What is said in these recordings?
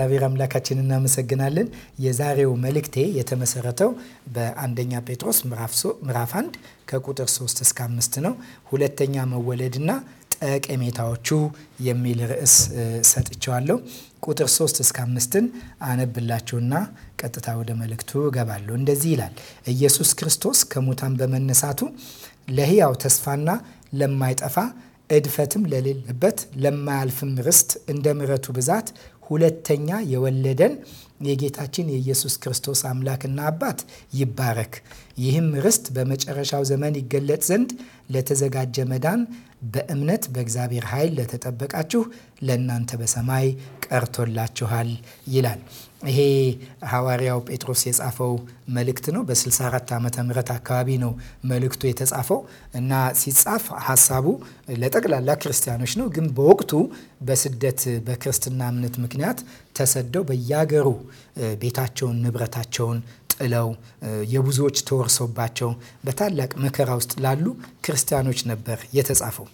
እግዚአብሔር አምላካችን እናመሰግናለን። የዛሬው መልእክቴ የተመሰረተው በአንደኛ ጴጥሮስ ምዕራፍ 1 ከቁጥር 3 እስከ 5 ነው። ሁለተኛ መወለድና ጠቀሜታዎቹ የሚል ርዕስ ሰጥቸዋለሁ። ቁጥር 3 እስከ 5ን አነብላችሁና ቀጥታ ወደ መልእክቱ እገባለሁ። እንደዚህ ይላል። ኢየሱስ ክርስቶስ ከሙታን በመነሳቱ ለሕያው ተስፋና ለማይጠፋ እድፈትም ለሌለበት ለማያልፍም ርስት እንደ ምረቱ ብዛት ሁለተኛ የወለደን የጌታችን የኢየሱስ ክርስቶስ አምላክና አባት ይባረክ። ይህም ርስት በመጨረሻው ዘመን ይገለጥ ዘንድ ለተዘጋጀ መዳን በእምነት በእግዚአብሔር ኃይል ለተጠበቃችሁ ለእናንተ በሰማይ ቀርቶላችኋል ይላል። ይሄ ሐዋርያው ጴጥሮስ የጻፈው መልእክት ነው። በ64 ዓመተ ምህረት አካባቢ ነው መልእክቱ የተጻፈው እና ሲጻፍ ሀሳቡ ለጠቅላላ ክርስቲያኖች ነው። ግን በወቅቱ በስደት በክርስትና እምነት ምክንያት ተሰደው በየሀገሩ ቤታቸውን ንብረታቸውን ጥለው የብዙዎች ተወርሶባቸው በታላቅ መከራ ውስጥ ላሉ ክርስቲያኖች ነበር የተጻፈው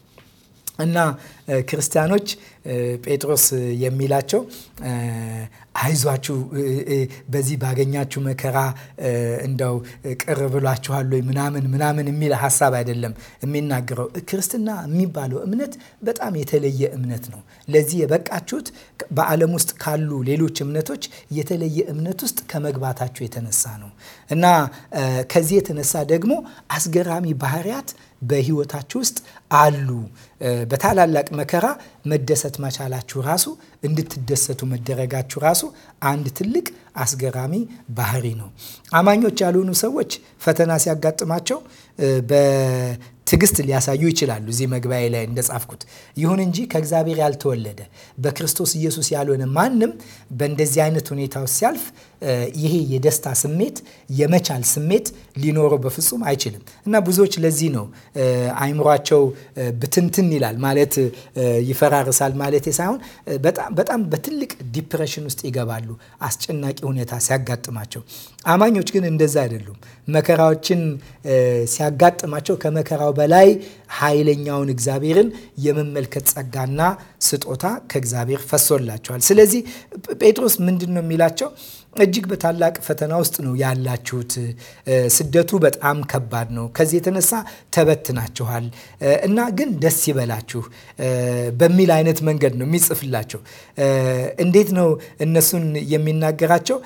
እና ክርስቲያኖች ጴጥሮስ የሚላቸው አይዟችሁ በዚህ ባገኛችሁ መከራ እንደው ቅር ብሏችኋል ወይ ምናምን ምናምን የሚል ሀሳብ አይደለም የሚናገረው። ክርስትና የሚባለው እምነት በጣም የተለየ እምነት ነው። ለዚህ የበቃችሁት በዓለም ውስጥ ካሉ ሌሎች እምነቶች የተለየ እምነት ውስጥ ከመግባታችሁ የተነሳ ነው እና ከዚህ የተነሳ ደግሞ አስገራሚ ባህሪያት በህይወታችሁ ውስጥ አሉ። በታላላቅ መከራ መደሰት መቻላችሁ ራሱ እንድትደሰቱ መደረጋችሁ ራሱ አንድ ትልቅ አስገራሚ ባህሪ ነው። አማኞች ያልሆኑ ሰዎች ፈተና ሲያጋጥማቸው ትግስት ሊያሳዩ ይችላሉ። እዚህ መግቢያ ላይ እንደጻፍኩት። ይሁን እንጂ ከእግዚአብሔር ያልተወለደ በክርስቶስ ኢየሱስ ያልሆነ ማንም በእንደዚህ አይነት ሁኔታ ውስጥ ሲያልፍ ይሄ የደስታ ስሜት የመቻል ስሜት ሊኖረው በፍጹም አይችልም እና ብዙዎች ለዚህ ነው አይምሯቸው ብትንትን ይላል ማለት ይፈራርሳል ማለት ሳይሆን በጣም በትልቅ ዲፕሬሽን ውስጥ ይገባሉ አስጨናቂ ሁኔታ ሲያጋጥማቸው። አማኞች ግን እንደዛ አይደሉም። መከራዎችን ሲያጋጥማቸው ከመከራው በላይ ኃይለኛውን እግዚአብሔርን የመመልከት ጸጋና ስጦታ ከእግዚአብሔር ፈሶላቸዋል። ስለዚህ ጴጥሮስ ምንድን ነው የሚላቸው? እጅግ በታላቅ ፈተና ውስጥ ነው ያላችሁት። ስደቱ በጣም ከባድ ነው። ከዚህ የተነሳ ተበትናችኋል እና ግን ደስ ይበላችሁ በሚል አይነት መንገድ ነው የሚጽፍላቸው። እንዴት ነው እነሱን የሚናገራቸው?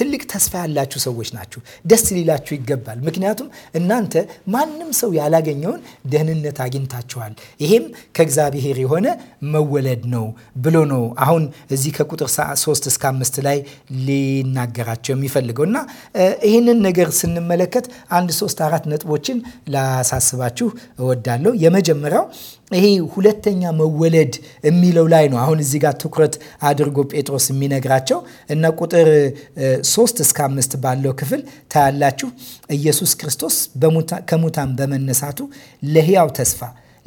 ትልቅ ተስፋ ያላችሁ ሰዎች ናችሁ፣ ደስ ሊላችሁ ይገባል። ምክንያቱም እናንተ ማንም ሰው ያላገኘውን ደህንነት አግኝታችኋል። ይሄም ከእግዚአብሔር የሆነ መወለድ ነው ብሎ ነው አሁን እዚህ ከቁጥር 3 እስከ 5 ላይ ሊናገራቸው የሚፈልገው እና ይህንን ነገር ስንመለከት አንድ ሶስት አራት ነጥቦችን ላሳስባችሁ እወዳለሁ። የመጀመሪያው ይሄ ሁለተኛ መወለድ የሚለው ላይ ነው። አሁን እዚህ ጋር ትኩረት አድርጎ ጴጥሮስ የሚነግራቸው እና ቁጥር ሶስት እስከ አምስት ባለው ክፍል ታያላችሁ። ኢየሱስ ክርስቶስ ከሙታን በመነሳቱ ለሕያው ተስፋ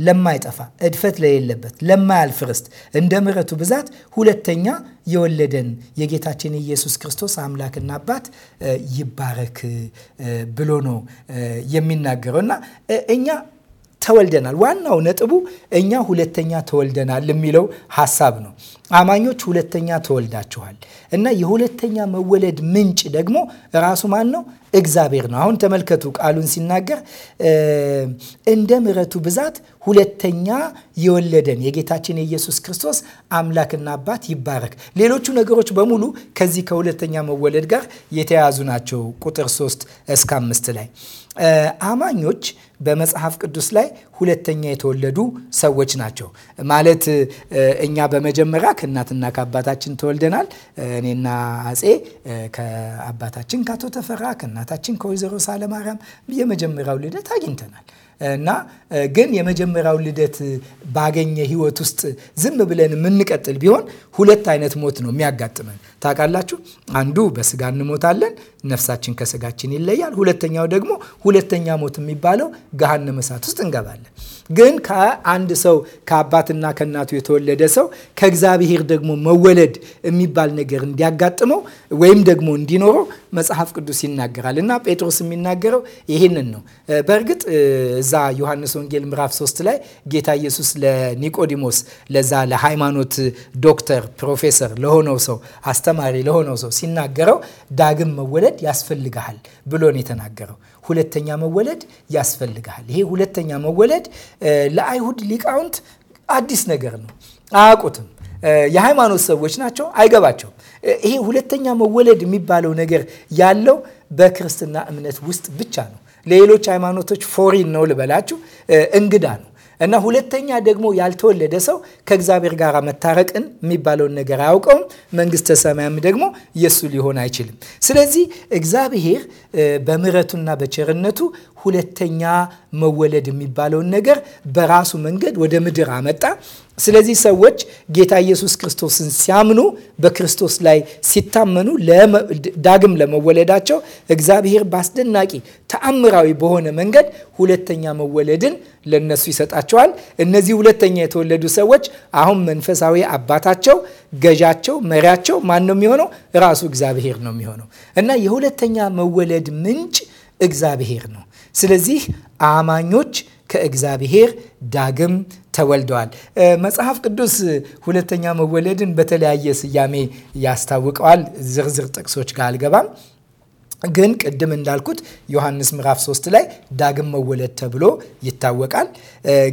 ለማይጠፋ እድፈት ለሌለበት ለማያልፍ ርስት እንደ ምረቱ ብዛት ሁለተኛ የወለደን የጌታችን ኢየሱስ ክርስቶስ አምላክና አባት ይባረክ ብሎ ነው የሚናገረው እና እኛ ተወልደናል። ዋናው ነጥቡ እኛ ሁለተኛ ተወልደናል የሚለው ሀሳብ ነው። አማኞች ሁለተኛ ተወልዳችኋል እና የሁለተኛ መወለድ ምንጭ ደግሞ ራሱ ማን ነው? እግዚአብሔር ነው። አሁን ተመልከቱ ቃሉን ሲናገር እንደ ምሕረቱ ብዛት ሁለተኛ የወለደን የጌታችን የኢየሱስ ክርስቶስ አምላክና አባት ይባረክ። ሌሎቹ ነገሮች በሙሉ ከዚህ ከሁለተኛ መወለድ ጋር የተያያዙ ናቸው። ቁጥር ሶስት እስከ አምስት ላይ አማኞች በመጽሐፍ ቅዱስ ላይ ሁለተኛ የተወለዱ ሰዎች ናቸው። ማለት እኛ በመጀመሪያ ከእናትና ከአባታችን ተወልደናል። እኔና አፄ ከአባታችን ከአቶ ተፈራ ከእናታችን ከወይዘሮ ሳለማርያም የመጀመሪያው ልደት አግኝተናል። እና ግን የመጀመሪያው ልደት ባገኘ ህይወት ውስጥ ዝም ብለን የምንቀጥል ቢሆን ሁለት አይነት ሞት ነው የሚያጋጥመን ታውቃላችሁ። አንዱ በስጋ እንሞታለን፣ ነፍሳችን ከስጋችን ይለያል። ሁለተኛው ደግሞ ሁለተኛ ሞት የሚባለው ገሃነመ እሳት ውስጥ እንገባለን። ግን ከአንድ ሰው ከአባትና ከእናቱ የተወለደ ሰው ከእግዚአብሔር ደግሞ መወለድ የሚባል ነገር እንዲያጋጥመው ወይም ደግሞ እንዲኖረው መጽሐፍ ቅዱስ ይናገራል እና ጴጥሮስ የሚናገረው ይህንን ነው። በእርግጥ እዛ ዮሐንስ ወንጌል ምዕራፍ 3 ላይ ጌታ ኢየሱስ ለኒቆዲሞስ ለዛ ለሃይማኖት ዶክተር ፕሮፌሰር ለሆነው ሰው አስተ አስተማሪ ለሆነው ሰው ሲናገረው ዳግም መወለድ ያስፈልግሃል ብሎ ነው የተናገረው። ሁለተኛ መወለድ ያስፈልግሃል። ይሄ ሁለተኛ መወለድ ለአይሁድ ሊቃውንት አዲስ ነገር ነው፣ አያውቁትም። የሃይማኖት ሰዎች ናቸው፣ አይገባቸውም። ይሄ ሁለተኛ መወለድ የሚባለው ነገር ያለው በክርስትና እምነት ውስጥ ብቻ ነው። ለሌሎች ሃይማኖቶች ፎሪን ነው ልበላችሁ፣ እንግዳ ነው እና ሁለተኛ ደግሞ ያልተወለደ ሰው ከእግዚአብሔር ጋር መታረቅን የሚባለውን ነገር አያውቀውም። መንግስተ ሰማያም ደግሞ የእሱ ሊሆን አይችልም። ስለዚህ እግዚአብሔር በምሕረቱና በቸርነቱ ሁለተኛ መወለድ የሚባለውን ነገር በራሱ መንገድ ወደ ምድር አመጣ። ስለዚህ ሰዎች ጌታ ኢየሱስ ክርስቶስን ሲያምኑ፣ በክርስቶስ ላይ ሲታመኑ ዳግም ለመወለዳቸው እግዚአብሔር በአስደናቂ ተአምራዊ በሆነ መንገድ ሁለተኛ መወለድን ለነሱ ይሰጣቸዋል። እነዚህ ሁለተኛ የተወለዱ ሰዎች አሁን መንፈሳዊ አባታቸው፣ ገዣቸው፣ መሪያቸው ማን ነው የሚሆነው? ራሱ እግዚአብሔር ነው የሚሆነው እና የሁለተኛ መወለድ ምንጭ እግዚአብሔር ነው። ስለዚህ አማኞች ከእግዚአብሔር ዳግም ተወልደዋል። መጽሐፍ ቅዱስ ሁለተኛ መወለድን በተለያየ ስያሜ ያስታውቀዋል። ዝርዝር ጥቅሶች ጋር አልገባም። ግን ቅድም እንዳልኩት ዮሐንስ ምዕራፍ 3 ላይ ዳግም መወለድ ተብሎ ይታወቃል።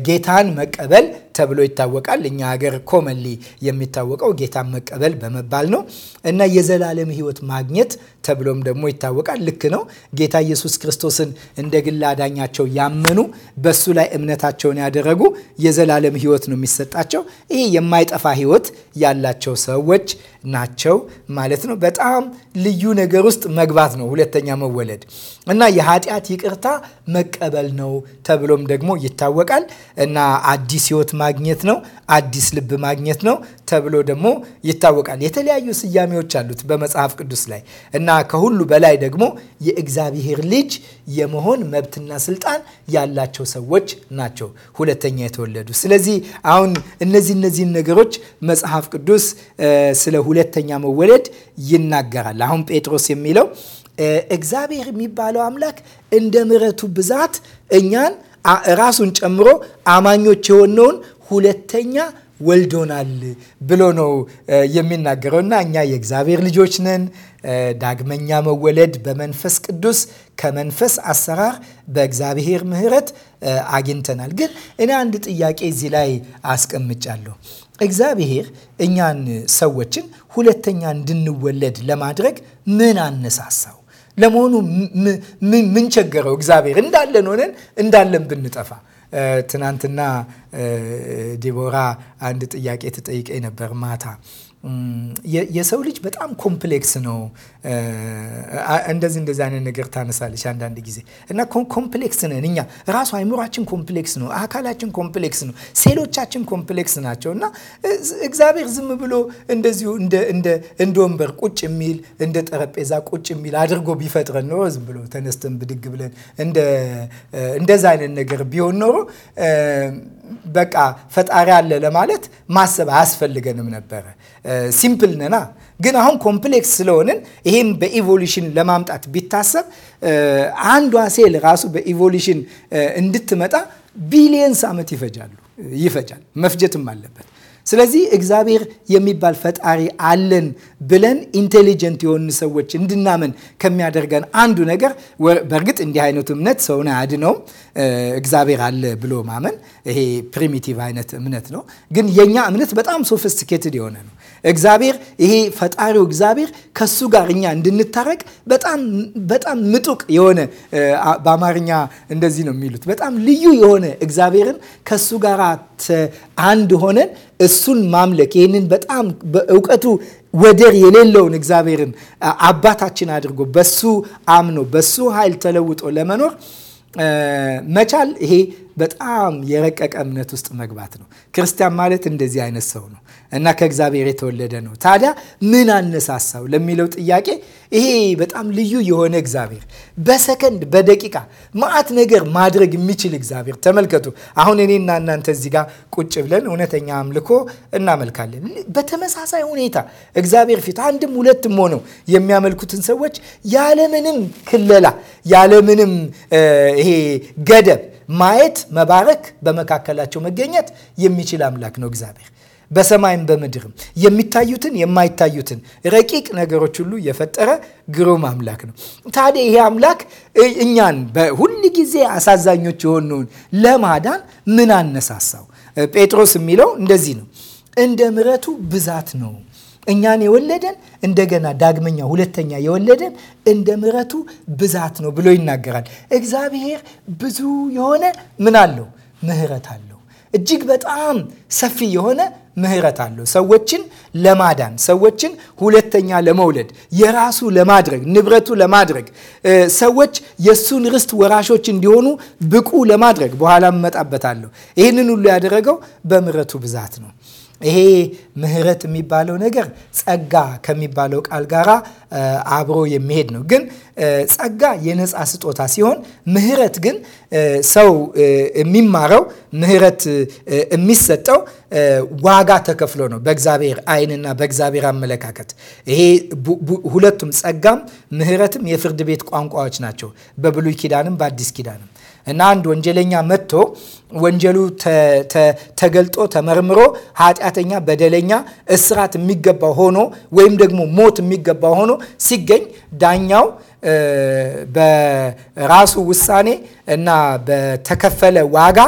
ጌታን መቀበል ተብሎ ይታወቃል። እኛ ሀገር ኮመንሊ የሚታወቀው ጌታን መቀበል በመባል ነው እና የዘላለም ሕይወት ማግኘት ተብሎም ደግሞ ይታወቃል። ልክ ነው። ጌታ ኢየሱስ ክርስቶስን እንደ ግል አዳኛቸው ያመኑ፣ በሱ ላይ እምነታቸውን ያደረጉ የዘላለም ሕይወት ነው የሚሰጣቸው። ይሄ የማይጠፋ ሕይወት ያላቸው ሰዎች ናቸው ማለት ነው። በጣም ልዩ ነገር ውስጥ መግባት ነው ሁለተኛ መወለድ እና የኃጢአት ይቅርታ መቀበል ነው ተብሎም ደግሞ ይታወቃል እና አዲስ ሕይወት ማግኘት ነው፣ አዲስ ልብ ማግኘት ነው ተብሎ ደግሞ ይታወቃል። የተለያዩ ስያሜዎች አሉት በመጽሐፍ ቅዱስ ላይ እና ከሁሉ በላይ ደግሞ የእግዚአብሔር ልጅ የመሆን መብትና ስልጣን ያላቸው ሰዎች ናቸው ሁለተኛ የተወለዱ። ስለዚህ አሁን እነዚህ እነዚህን ነገሮች መጽሐፍ ቅዱስ ስለ ሁለተኛ መወለድ ይናገራል። አሁን ጴጥሮስ የሚለው እግዚአብሔር የሚባለው አምላክ እንደ ምረቱ ብዛት እኛን ራሱን ጨምሮ አማኞች የሆነውን ሁለተኛ ወልዶናል ብሎ ነው የሚናገረው። እና እኛ የእግዚአብሔር ልጆች ነን። ዳግመኛ መወለድ በመንፈስ ቅዱስ ከመንፈስ አሰራር በእግዚአብሔር ምሕረት አግኝተናል። ግን እኔ አንድ ጥያቄ እዚህ ላይ አስቀምጫለሁ። እግዚአብሔር እኛን ሰዎችን ሁለተኛ እንድንወለድ ለማድረግ ምን አነሳሳው? ለመሆኑ ምን ቸገረው? እግዚአብሔር እንዳለን ሆነን እንዳለን ብንጠፋ ትናንትና ዲቦራ አንድ ጥያቄ ትጠይቀኝ ነበር ማታ የሰው ልጅ በጣም ኮምፕሌክስ ነው። እንደዚህ እንደዚህ አይነት ነገር ታነሳለች አንዳንድ ጊዜ እና ኮምፕሌክስ ነን እኛ ራሱ አይምሯችን ኮምፕሌክስ ነው፣ አካላችን ኮምፕሌክስ ነው፣ ሴሎቻችን ኮምፕሌክስ ናቸው እና እግዚአብሔር ዝም ብሎ እንደዚሁ እንደ ወንበር ቁጭ የሚል እንደ ጠረጴዛ ቁጭ የሚል አድርጎ ቢፈጥረን ኖሮ ዝም ብሎ ተነስተን ብድግ ብለን እንደዛ አይነት ነገር ቢሆን ኖሮ በቃ ፈጣሪ አለ ለማለት ማሰብ አያስፈልገንም ነበረ። ሲምፕል ነና። ግን አሁን ኮምፕሌክስ ስለሆንን ይሄም በኢቮሉሽን ለማምጣት ቢታሰብ አንዷ ሴል ራሱ በኢቮሉሽን እንድትመጣ ቢሊየንስ ዓመት ይፈጃሉ ይፈጃል። መፍጀትም አለበት። ስለዚህ እግዚአብሔር የሚባል ፈጣሪ አለን ብለን ኢንቴሊጀንት የሆኑ ሰዎች እንድናምን ከሚያደርገን አንዱ ነገር በእርግጥ እንዲህ አይነቱ እምነት ሰውን አያድነውም። እግዚአብሔር አለ ብሎ ማመን ይሄ ፕሪሚቲቭ አይነት እምነት ነው። ግን የእኛ እምነት በጣም ሶፊስቲኬትድ የሆነ ነው። እግዚአብሔር ይሄ ፈጣሪው እግዚአብሔር ከሱ ጋር እኛ እንድንታረቅ በጣም በጣም ምጡቅ የሆነ በአማርኛ እንደዚህ ነው የሚሉት በጣም ልዩ የሆነ እግዚአብሔርን ከሱ ጋር አንድ ሆነን እሱን ማምለክ ይህንን በጣም በእውቀቱ ወደር የሌለውን እግዚአብሔርን አባታችን አድርጎ በሱ አምኖ በሱ ኃይል ተለውጦ ለመኖር መቻል ይሄ በጣም የረቀቀ እምነት ውስጥ መግባት ነው። ክርስቲያን ማለት እንደዚህ አይነት ሰው ነው። እና ከእግዚአብሔር የተወለደ ነው። ታዲያ ምን አነሳሳው ለሚለው ጥያቄ ይሄ በጣም ልዩ የሆነ እግዚአብሔር በሰከንድ በደቂቃ ማአት ነገር ማድረግ የሚችል እግዚአብሔር ተመልከቱ። አሁን እኔና እናንተ እዚህ ጋር ቁጭ ብለን እውነተኛ አምልኮ እናመልካለን። በተመሳሳይ ሁኔታ እግዚአብሔር ፊት አንድም ሁለትም ሆነው የሚያመልኩትን ሰዎች ያለምንም ክለላ ያለምንም ይሄ ገደብ ማየት፣ መባረክ፣ በመካከላቸው መገኘት የሚችል አምላክ ነው እግዚአብሔር። በሰማይም በምድርም የሚታዩትን የማይታዩትን ረቂቅ ነገሮች ሁሉ የፈጠረ ግሩም አምላክ ነው። ታዲያ ይሄ አምላክ እኛን በሁል ጊዜ አሳዛኞች የሆነውን ለማዳን ምን አነሳሳው? ጴጥሮስ የሚለው እንደዚህ ነው። እንደ ምረቱ ብዛት ነው እኛን የወለደን እንደገና ዳግመኛ ሁለተኛ የወለደን እንደ ምረቱ ብዛት ነው ብሎ ይናገራል። እግዚአብሔር ብዙ የሆነ ምን አለው? ምህረት አለው። እጅግ በጣም ሰፊ የሆነ ምህረት አለው። ሰዎችን ለማዳን ሰዎችን ሁለተኛ ለመውለድ የራሱ ለማድረግ ንብረቱ ለማድረግ ሰዎች የእሱን ርስት ወራሾች እንዲሆኑ ብቁ ለማድረግ በኋላ እመጣበታለሁ። ይህንን ሁሉ ያደረገው በምህረቱ ብዛት ነው። ይሄ ምህረት የሚባለው ነገር ጸጋ ከሚባለው ቃል ጋር አብሮ የሚሄድ ነው። ግን ጸጋ የነፃ ስጦታ ሲሆን ምህረት ግን ሰው የሚማረው ምህረት የሚሰጠው ዋጋ ተከፍሎ ነው በእግዚአብሔር ዓይንና በእግዚአብሔር አመለካከት። ይሄ ሁለቱም ጸጋም ምህረትም የፍርድ ቤት ቋንቋዎች ናቸው በብሉይ ኪዳንም በአዲስ ኪዳንም እና አንድ ወንጀለኛ መጥቶ ወንጀሉ ተገልጦ ተመርምሮ ኃጢአተኛ፣ በደለኛ፣ እስራት የሚገባ ሆኖ ወይም ደግሞ ሞት የሚገባ ሆኖ ሲገኝ ዳኛው በራሱ ውሳኔ እና በተከፈለ ዋጋ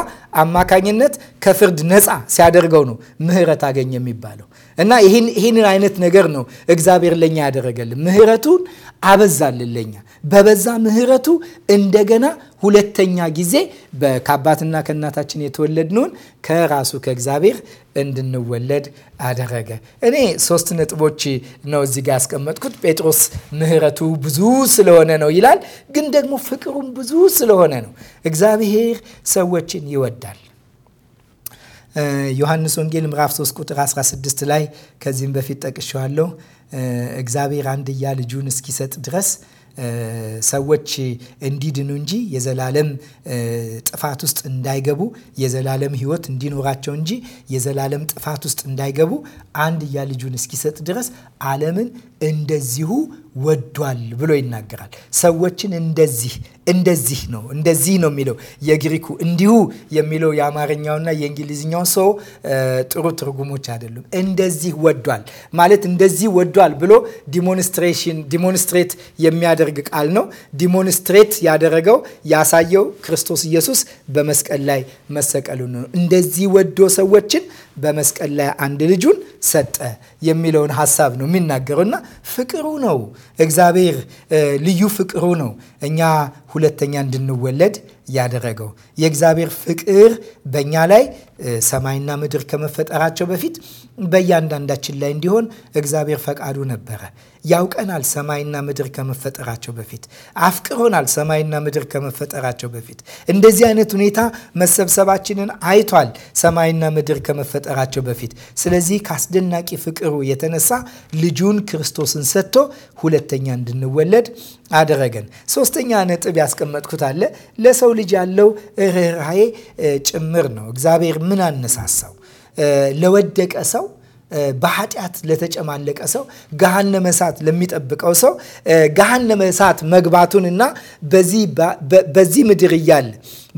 አማካኝነት ከፍርድ ነፃ ሲያደርገው ነው ምህረት አገኘ የሚባለው። እና ይህንን አይነት ነገር ነው እግዚአብሔር ለኛ ያደረገልን። ምህረቱን አበዛልን ለኛ። በበዛ ምህረቱ እንደገና ሁለተኛ ጊዜ ከአባትና ከእናታችን የተወለድነውን ከራሱ ከእግዚአብሔር እንድንወለድ አደረገ። እኔ ሶስት ነጥቦች ነው እዚህ ጋር ያስቀመጥኩት። ጴጥሮስ ምህረቱ ብዙ ስለሆነ ነው ይላል፣ ግን ደግሞ ፍቅሩም ብዙ ስለሆነ ነው። እግዚአብሔር ሰዎችን ይወዳል ዮሐንስ ወንጌል ምዕራፍ 3 ቁጥር 16 ላይ ከዚህም በፊት ጠቅሼዋለሁ። እግዚአብሔር አንድያ ልጁን እስኪሰጥ ድረስ ሰዎች እንዲድኑ እንጂ የዘላለም ጥፋት ውስጥ እንዳይገቡ የዘላለም ሕይወት እንዲኖራቸው እንጂ የዘላለም ጥፋት ውስጥ እንዳይገቡ አንድያ ልጁን እስኪሰጥ ድረስ ዓለምን እንደዚሁ ወዷል ብሎ ይናገራል። ሰዎችን እንደዚህ እንደዚህ ነው እንደዚህ ነው የሚለው የግሪኩ እንዲሁ የሚለው የአማርኛውና የእንግሊዝኛው ሰው ጥሩ ትርጉሞች አይደሉም። እንደዚህ ወዷል ማለት እንደዚህ ወዷል ብሎ ዲሞንስትሬሽን ዲሞንስትሬት የሚያደርግ ቃል ነው። ዲሞንስትሬት ያደረገው ያሳየው ክርስቶስ ኢየሱስ በመስቀል ላይ መሰቀሉ ነው። እንደዚህ ወዶ ሰዎችን በመስቀል ላይ አንድ ልጁን ሰጠ የሚለውን ሀሳብ ነው የሚናገረው እና ፍቅሩ ነው እግዚአብሔር ልዩ ፍቅሩ ነው እኛ ሁለተኛ እንድንወለድ ያደረገው የእግዚአብሔር ፍቅር በእኛ ላይ ሰማይና ምድር ከመፈጠራቸው በፊት በእያንዳንዳችን ላይ እንዲሆን እግዚአብሔር ፈቃዱ ነበረ። ያውቀናል ሰማይና ምድር ከመፈጠራቸው በፊት አፍቅሮናል። ሰማይና ምድር ከመፈጠራቸው በፊት እንደዚህ አይነት ሁኔታ መሰብሰባችንን አይቷል። ሰማይና ምድር ከመፈጠራቸው በፊት ስለዚህ ከአስደናቂ ፍቅሩ የተነሳ ልጁን ክርስቶስን ሰጥቶ ሁለተኛ እንድንወለድ አደረገን። ሶስተኛ ነጥብ ያስቀመጥኩት አለ ለሰው ልጅ ያለው ርኅራኄ ጭምር ነው። እግዚአብሔር ምን አነሳሳው ለወደቀ ሰው በኃጢአት ለተጨማለቀ ሰው ገሃነመ እሳት ለሚጠብቀው ሰው ገሃነመ እሳት መግባቱንና በዚህ ምድር እያለ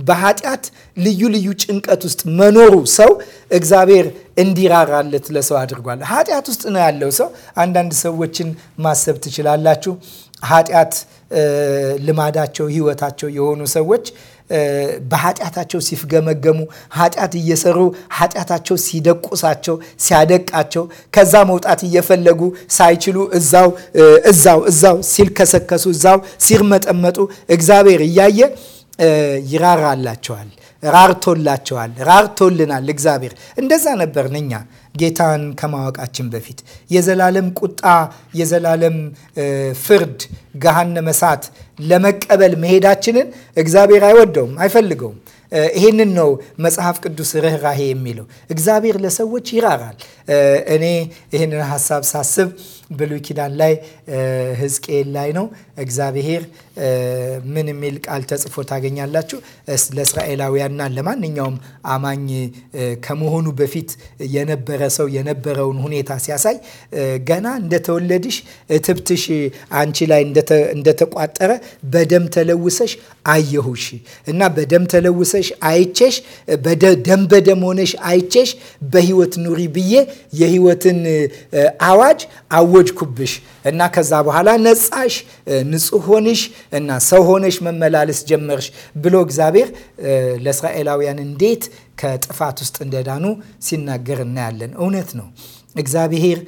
በኃጢአት ልዩ ልዩ ጭንቀት ውስጥ መኖሩ ሰው እግዚአብሔር እንዲራራለት ለሰው አድርጓል። ኃጢአት ውስጥ ነው ያለው ሰው። አንዳንድ ሰዎችን ማሰብ ትችላላችሁ። ኃጢአት ልማዳቸው፣ ህይወታቸው የሆኑ ሰዎች በኃጢአታቸው ሲፍገመገሙ ኃጢአት እየሰሩ ኃጢአታቸው ሲደቁሳቸው ሲያደቃቸው ከዛ መውጣት እየፈለጉ ሳይችሉ እዛው እዛው እዛው ሲልከሰከሱ እዛው ሲርመጠመጡ እግዚአብሔር እያየ ይራራላቸዋል። ራርቶላቸዋል፣ ራርቶልናል እግዚአብሔር። እንደዛ ነበርን እኛ ጌታን ከማወቃችን በፊት የዘላለም ቁጣ፣ የዘላለም ፍርድ፣ ገሃነመ እሳት ለመቀበል መሄዳችንን እግዚአብሔር አይወደውም፣ አይፈልገውም። ይህንን ነው መጽሐፍ ቅዱስ ርኅራሄ የሚለው። እግዚአብሔር ለሰዎች ይራራል። እኔ ይህንን ሀሳብ ሳስብ ብሉይ ኪዳን ላይ ህዝቅኤል ላይ ነው። እግዚአብሔር ምን የሚል ቃል ተጽፎ ታገኛላችሁ? ለእስራኤላውያንና ለማንኛውም አማኝ ከመሆኑ በፊት የነበረ ሰው የነበረውን ሁኔታ ሲያሳይ ገና እንደተወለድሽ እትብትሽ አንቺ ላይ እንደተቋጠረ በደም ተለውሰሽ አየሁሽ እና በደም ተለውሰሽ አይቼሽ ደም በደም ሆነሽ አይቼሽ በህይወት ኑሪ ብዬ የህይወትን አዋጅ አወጅኩብሽ እና ከዛ በኋላ ነጻሽ፣ ንጹህ ሆንሽ እና ሰው ሆነሽ መመላለስ ጀመርሽ ብሎ እግዚአብሔር ለእስራኤላውያን እንዴት ከጥፋት ውስጥ እንደዳኑ ሲናገር እናያለን። እውነት ነው። እግዚአብሔር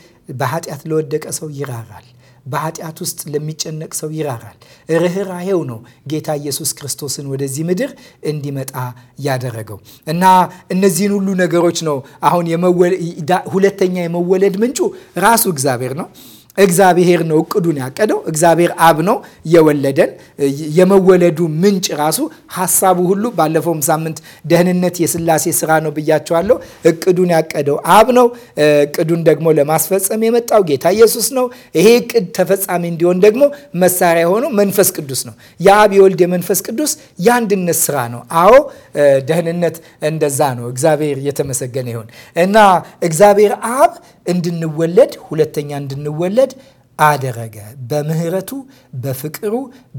በኃጢአት ለወደቀ ሰው ይራራል። በኃጢአት ውስጥ ለሚጨነቅ ሰው ይራራል። ርኅራሄው ነው ጌታ ኢየሱስ ክርስቶስን ወደዚህ ምድር እንዲመጣ ያደረገው እና እነዚህን ሁሉ ነገሮች ነው አሁን ሁለተኛ የመወለድ ምንጩ ራሱ እግዚአብሔር ነው። እግዚአብሔር ነው እቅዱን ያቀደው። እግዚአብሔር አብ ነው የወለደን። የመወለዱ ምንጭ ራሱ ሀሳቡ ሁሉ ባለፈውም ሳምንት ደህንነት የስላሴ ስራ ነው ብያቸዋለሁ። እቅዱን ያቀደው አብ ነው። እቅዱን ደግሞ ለማስፈጸም የመጣው ጌታ ኢየሱስ ነው። ይሄ እቅድ ተፈጻሚ እንዲሆን ደግሞ መሳሪያ የሆነው መንፈስ ቅዱስ ነው። የአብ የወልድ፣ የመንፈስ ቅዱስ የአንድነት ስራ ነው። አዎ ደህንነት እንደዛ ነው። እግዚአብሔር የተመሰገነ ይሁን እና እግዚአብሔር አብ እንድንወለድ ሁለተኛ እንድንወለድ አደረገ። በምህረቱ በፍቅሩ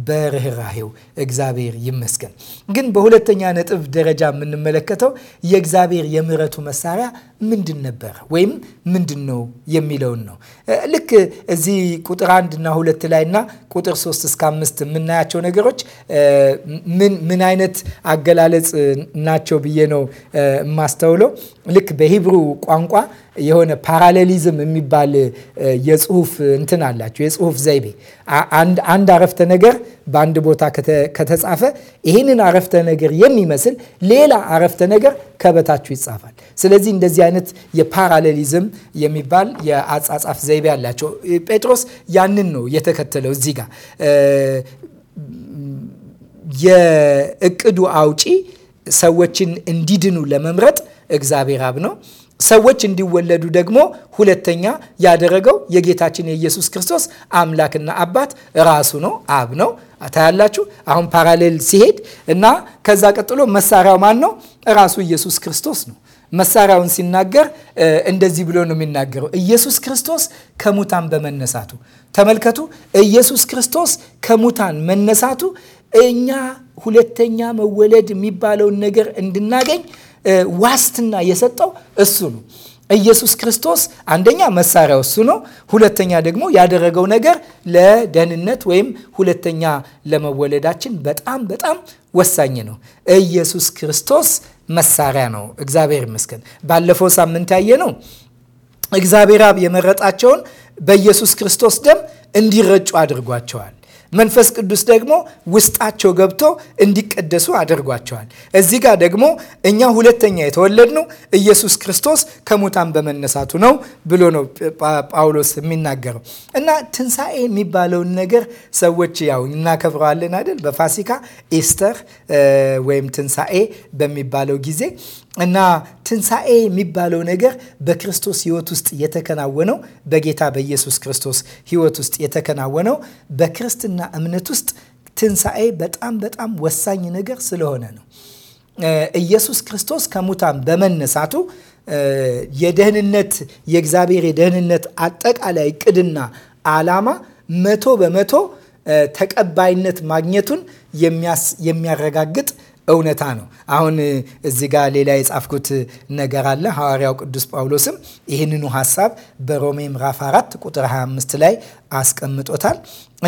በርኅራሄው እግዚአብሔር ይመስገን። ግን በሁለተኛ ነጥብ ደረጃ የምንመለከተው የእግዚአብሔር የምህረቱ መሳሪያ ምንድን ነበር ወይም ምንድን ነው የሚለውን ነው። ልክ እዚህ ቁጥር አንድ እና ሁለት ላይ እና ቁጥር ሶስት እስከ አምስት የምናያቸው ነገሮች ምን አይነት አገላለጽ ናቸው ብዬ ነው የማስተውለው። ልክ በሂብሩ ቋንቋ የሆነ ፓራሌሊዝም የሚባል የጽሁፍ እንትን አላቸው፣ የጽሁፍ ዘይቤ። አንድ አረፍተ ነገር በአንድ ቦታ ከተጻፈ ይህንን አረፍተ ነገር የሚመስል ሌላ አረፍተ ነገር ከበታችሁ ይጻፋል። ስለዚህ እንደዚህ አይነት የፓራሌሊዝም የሚባል የአጻጻፍ ዘይቤ አላቸው። ጴጥሮስ ያንን ነው የተከተለው እዚህ ጋር የእቅዱ አውጪ ሰዎችን እንዲድኑ ለመምረጥ እግዚአብሔር አብ ነው። ሰዎች እንዲወለዱ ደግሞ ሁለተኛ ያደረገው የጌታችን የኢየሱስ ክርስቶስ አምላክና አባት ራሱ ነው፣ አብ ነው። ታያላችሁ። አሁን ፓራሌል ሲሄድ እና ከዛ ቀጥሎ መሳሪያው ማን ነው? ራሱ ኢየሱስ ክርስቶስ ነው። መሳሪያውን ሲናገር እንደዚህ ብሎ ነው የሚናገረው፣ ኢየሱስ ክርስቶስ ከሙታን በመነሳቱ ተመልከቱ። ኢየሱስ ክርስቶስ ከሙታን መነሳቱ እኛ ሁለተኛ መወለድ የሚባለውን ነገር እንድናገኝ ዋስትና የሰጠው እሱ ነው። ኢየሱስ ክርስቶስ አንደኛ መሳሪያው እሱ ነው። ሁለተኛ ደግሞ ያደረገው ነገር ለደህንነት ወይም ሁለተኛ ለመወለዳችን በጣም በጣም ወሳኝ ነው። ኢየሱስ ክርስቶስ መሳሪያ ነው። እግዚአብሔር ይመስገን። ባለፈው ሳምንት ያየ ነው እግዚአብሔር አብ የመረጣቸውን በኢየሱስ ክርስቶስ ደም እንዲረጩ አድርጓቸዋል። መንፈስ ቅዱስ ደግሞ ውስጣቸው ገብቶ እንዲቀደሱ አድርጓቸዋል። እዚህ ጋር ደግሞ እኛ ሁለተኛ የተወለድነው ኢየሱስ ክርስቶስ ከሙታን በመነሳቱ ነው ብሎ ነው ጳውሎስ የሚናገረው እና ትንሣኤ የሚባለውን ነገር ሰዎች ያው እናከብረዋለን አይደል? በፋሲካ ኢስተር ወይም ትንሣኤ በሚባለው ጊዜ እና ትንሣኤ የሚባለው ነገር በክርስቶስ ሕይወት ውስጥ የተከናወነው በጌታ በኢየሱስ ክርስቶስ ሕይወት ውስጥ የተከናወነው በክርስትና እምነት ውስጥ ትንሣኤ በጣም በጣም ወሳኝ ነገር ስለሆነ ነው። ኢየሱስ ክርስቶስ ከሙታን በመነሳቱ የደህንነት የእግዚአብሔር የደህንነት አጠቃላይ እቅድና ዓላማ መቶ በመቶ ተቀባይነት ማግኘቱን የሚያረጋግጥ እውነታ ነው። አሁን እዚህ ጋር ሌላ የጻፍኩት ነገር አለ። ሐዋርያው ቅዱስ ጳውሎስም ይህንኑ ሀሳብ በሮሜ ምዕራፍ 4 ቁጥር 25 ላይ አስቀምጦታል።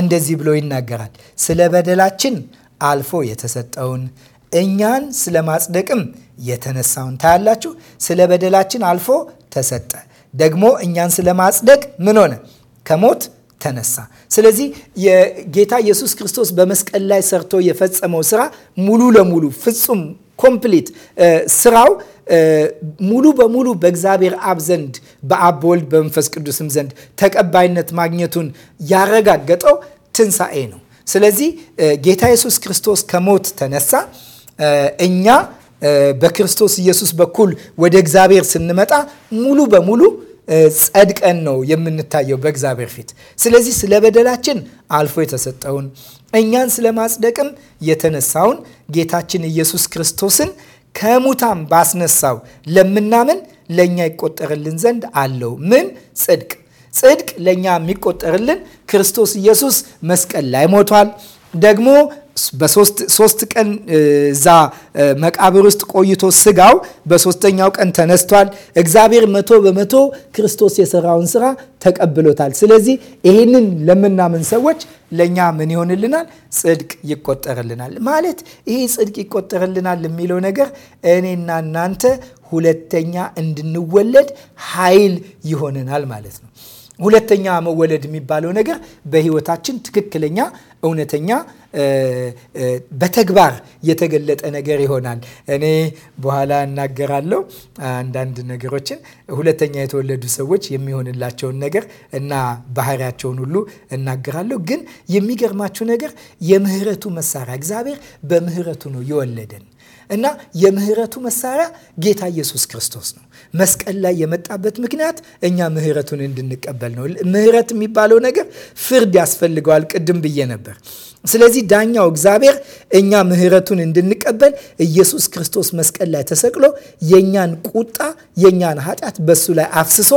እንደዚህ ብሎ ይናገራል። ስለ በደላችን አልፎ የተሰጠውን እኛን ስለ ማጽደቅም የተነሳውን ታያላችሁ። ስለ በደላችን አልፎ ተሰጠ። ደግሞ እኛን ስለ ማጽደቅ ምን ሆነ? ከሞት ተነሳ። ስለዚህ የጌታ ኢየሱስ ክርስቶስ በመስቀል ላይ ሰርቶ የፈጸመው ስራ ሙሉ ለሙሉ ፍጹም ኮምፕሊት ስራው ሙሉ በሙሉ በእግዚአብሔር አብ ዘንድ በአብ በወልድ በመንፈስ ቅዱስም ዘንድ ተቀባይነት ማግኘቱን ያረጋገጠው ትንሣኤ ነው። ስለዚህ ጌታ ኢየሱስ ክርስቶስ ከሞት ተነሳ። እኛ በክርስቶስ ኢየሱስ በኩል ወደ እግዚአብሔር ስንመጣ ሙሉ በሙሉ ጸድቀን ነው የምንታየው በእግዚአብሔር ፊት። ስለዚህ ስለ በደላችን አልፎ የተሰጠውን እኛን ስለ ማጽደቅም የተነሳውን ጌታችን ኢየሱስ ክርስቶስን ከሙታን ባስነሳው ለምናምን ለእኛ ይቆጠርልን ዘንድ አለው። ምን ጽድቅ? ጽድቅ ለእኛ የሚቆጠርልን ክርስቶስ ኢየሱስ መስቀል ላይ ሞቷል። ደግሞ በሶስት ቀን እዛ መቃብር ውስጥ ቆይቶ ስጋው በሶስተኛው ቀን ተነስቷል። እግዚአብሔር መቶ በመቶ ክርስቶስ የሰራውን ስራ ተቀብሎታል። ስለዚህ ይህንን ለምናምን ሰዎች ለእኛ ምን ይሆንልናል? ጽድቅ ይቆጠርልናል። ማለት ይሄ ጽድቅ ይቆጠርልናል የሚለው ነገር እኔና እናንተ ሁለተኛ እንድንወለድ ኃይል ይሆነናል ማለት ነው። ሁለተኛ መወለድ የሚባለው ነገር በህይወታችን ትክክለኛ እውነተኛ በተግባር የተገለጠ ነገር ይሆናል። እኔ በኋላ እናገራለሁ አንዳንድ ነገሮችን ሁለተኛ የተወለዱ ሰዎች የሚሆንላቸውን ነገር እና ባህሪያቸውን ሁሉ እናገራለሁ። ግን የሚገርማችሁ ነገር የምህረቱ መሳሪያ እግዚአብሔር በምህረቱ ነው የወለደን እና የምህረቱ መሳሪያ ጌታ ኢየሱስ ክርስቶስ ነው። መስቀል ላይ የመጣበት ምክንያት እኛ ምህረቱን እንድንቀበል ነው። ምህረት የሚባለው ነገር ፍርድ ያስፈልገዋል። ቅድም ብዬ ነበር። ስለዚህ ዳኛው እግዚአብሔር እኛ ምህረቱን እንድንቀበል ኢየሱስ ክርስቶስ መስቀል ላይ ተሰቅሎ የእኛን ቁጣ የእኛን ኃጢአት በሱ ላይ አፍስሶ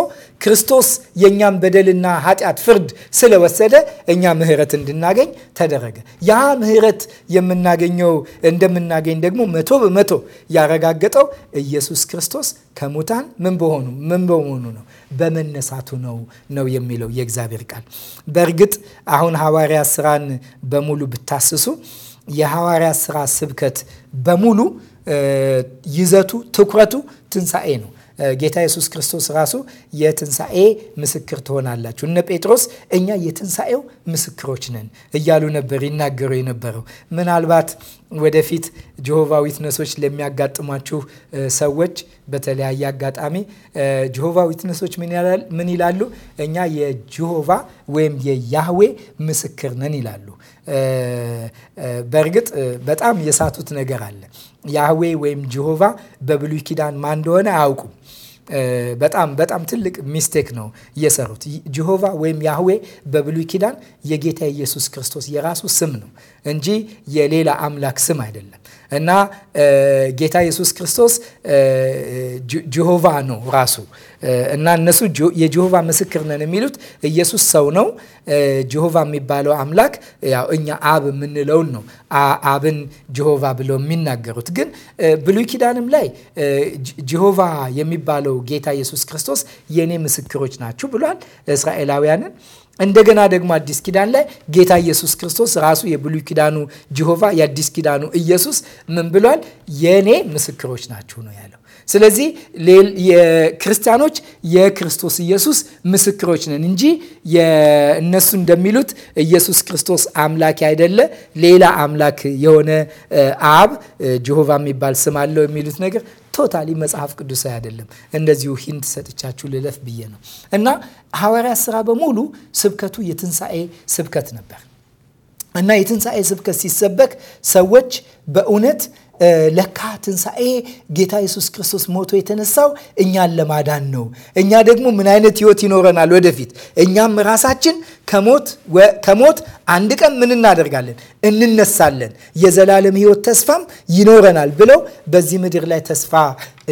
ክርስቶስ የእኛም በደልና ኃጢአት ፍርድ ስለወሰደ እኛ ምህረት እንድናገኝ ተደረገ። ያ ምህረት የምናገኘው እንደምናገኝ ደግሞ መቶ በመቶ ያረጋገጠው ኢየሱስ ክርስቶስ ከሙታን ምን በሆኑ ምን በመሆኑ ነው በመነሳቱ ነው ነው የሚለው የእግዚአብሔር ቃል። በእርግጥ አሁን ሐዋርያ ስራን በሙሉ ብታስሱ የሐዋርያ ስራ ስብከት በሙሉ ይዘቱ ትኩረቱ ትንሣኤ ነው። ጌታ ኢየሱስ ክርስቶስ ራሱ የትንሣኤ ምስክር ትሆናላችሁ። እነ ጴጥሮስ እኛ የትንሣኤው ምስክሮች ነን እያሉ ነበር ይናገሩ የነበረው። ምናልባት ወደፊት ጆሆቫ ዊትነሶች ለሚያጋጥሟችሁ ሰዎች በተለያየ አጋጣሚ ጆሆቫ ዊትነሶች ምን ይላሉ? እኛ የጆሆቫ ወይም የያህዌ ምስክር ነን ይላሉ። በእርግጥ በጣም የሳቱት ነገር አለ። ያህዌ ወይም ጆሆቫ በብሉይ ኪዳን ማን እንደሆነ አያውቁም። በጣም በጣም ትልቅ ሚስቴክ ነው የሰሩት። ጀሆቫ ወይም ያህዌ በብሉይ ኪዳን የጌታ ኢየሱስ ክርስቶስ የራሱ ስም ነው እንጂ የሌላ አምላክ ስም አይደለም። እና ጌታ ኢየሱስ ክርስቶስ ጀሆቫ ነው ራሱ እና እነሱ የጀሆቫ ምስክር ነን የሚሉት ኢየሱስ ሰው ነው። ጀሆቫ የሚባለው አምላክ ያው እኛ አብ የምንለውን ነው አብን ጀሆቫ ብለው የሚናገሩት። ግን ብሉይ ኪዳንም ላይ ጀሆቫ የሚባለው ጌታ ኢየሱስ ክርስቶስ የእኔ ምስክሮች ናችሁ ብሏል እስራኤላውያንን። እንደገና ደግሞ አዲስ ኪዳን ላይ ጌታ ኢየሱስ ክርስቶስ ራሱ የብሉይ ኪዳኑ ጀሆቫ፣ የአዲስ ኪዳኑ ኢየሱስ ምን ብሏል? የእኔ ምስክሮች ናችሁ ነው ያለው። ስለዚህ የክርስቲያኖች የክርስቶስ ኢየሱስ ምስክሮች ነን እንጂ እነሱ እንደሚሉት ኢየሱስ ክርስቶስ አምላክ አይደለ፣ ሌላ አምላክ የሆነ አብ ጀሆቫ የሚባል ስም አለው የሚሉት ነገር ቶታሊ መጽሐፍ ቅዱሳዊ አይደለም። እንደዚሁ ሂንት ሰጥቻችሁ ልለፍ ብዬ ነው እና ሐዋርያ ስራ በሙሉ ስብከቱ የትንሣኤ ስብከት ነበር እና የትንሣኤ ስብከት ሲሰበክ ሰዎች በእውነት ለካ ትንሣኤ ጌታ ኢየሱስ ክርስቶስ ሞቶ የተነሳው እኛን ለማዳን ነው። እኛ ደግሞ ምን አይነት ህይወት ይኖረናል ወደፊት? እኛም ራሳችን ከሞት አንድ ቀን ምን እናደርጋለን? እንነሳለን። የዘላለም ህይወት ተስፋም ይኖረናል ብለው በዚህ ምድር ላይ ተስፋ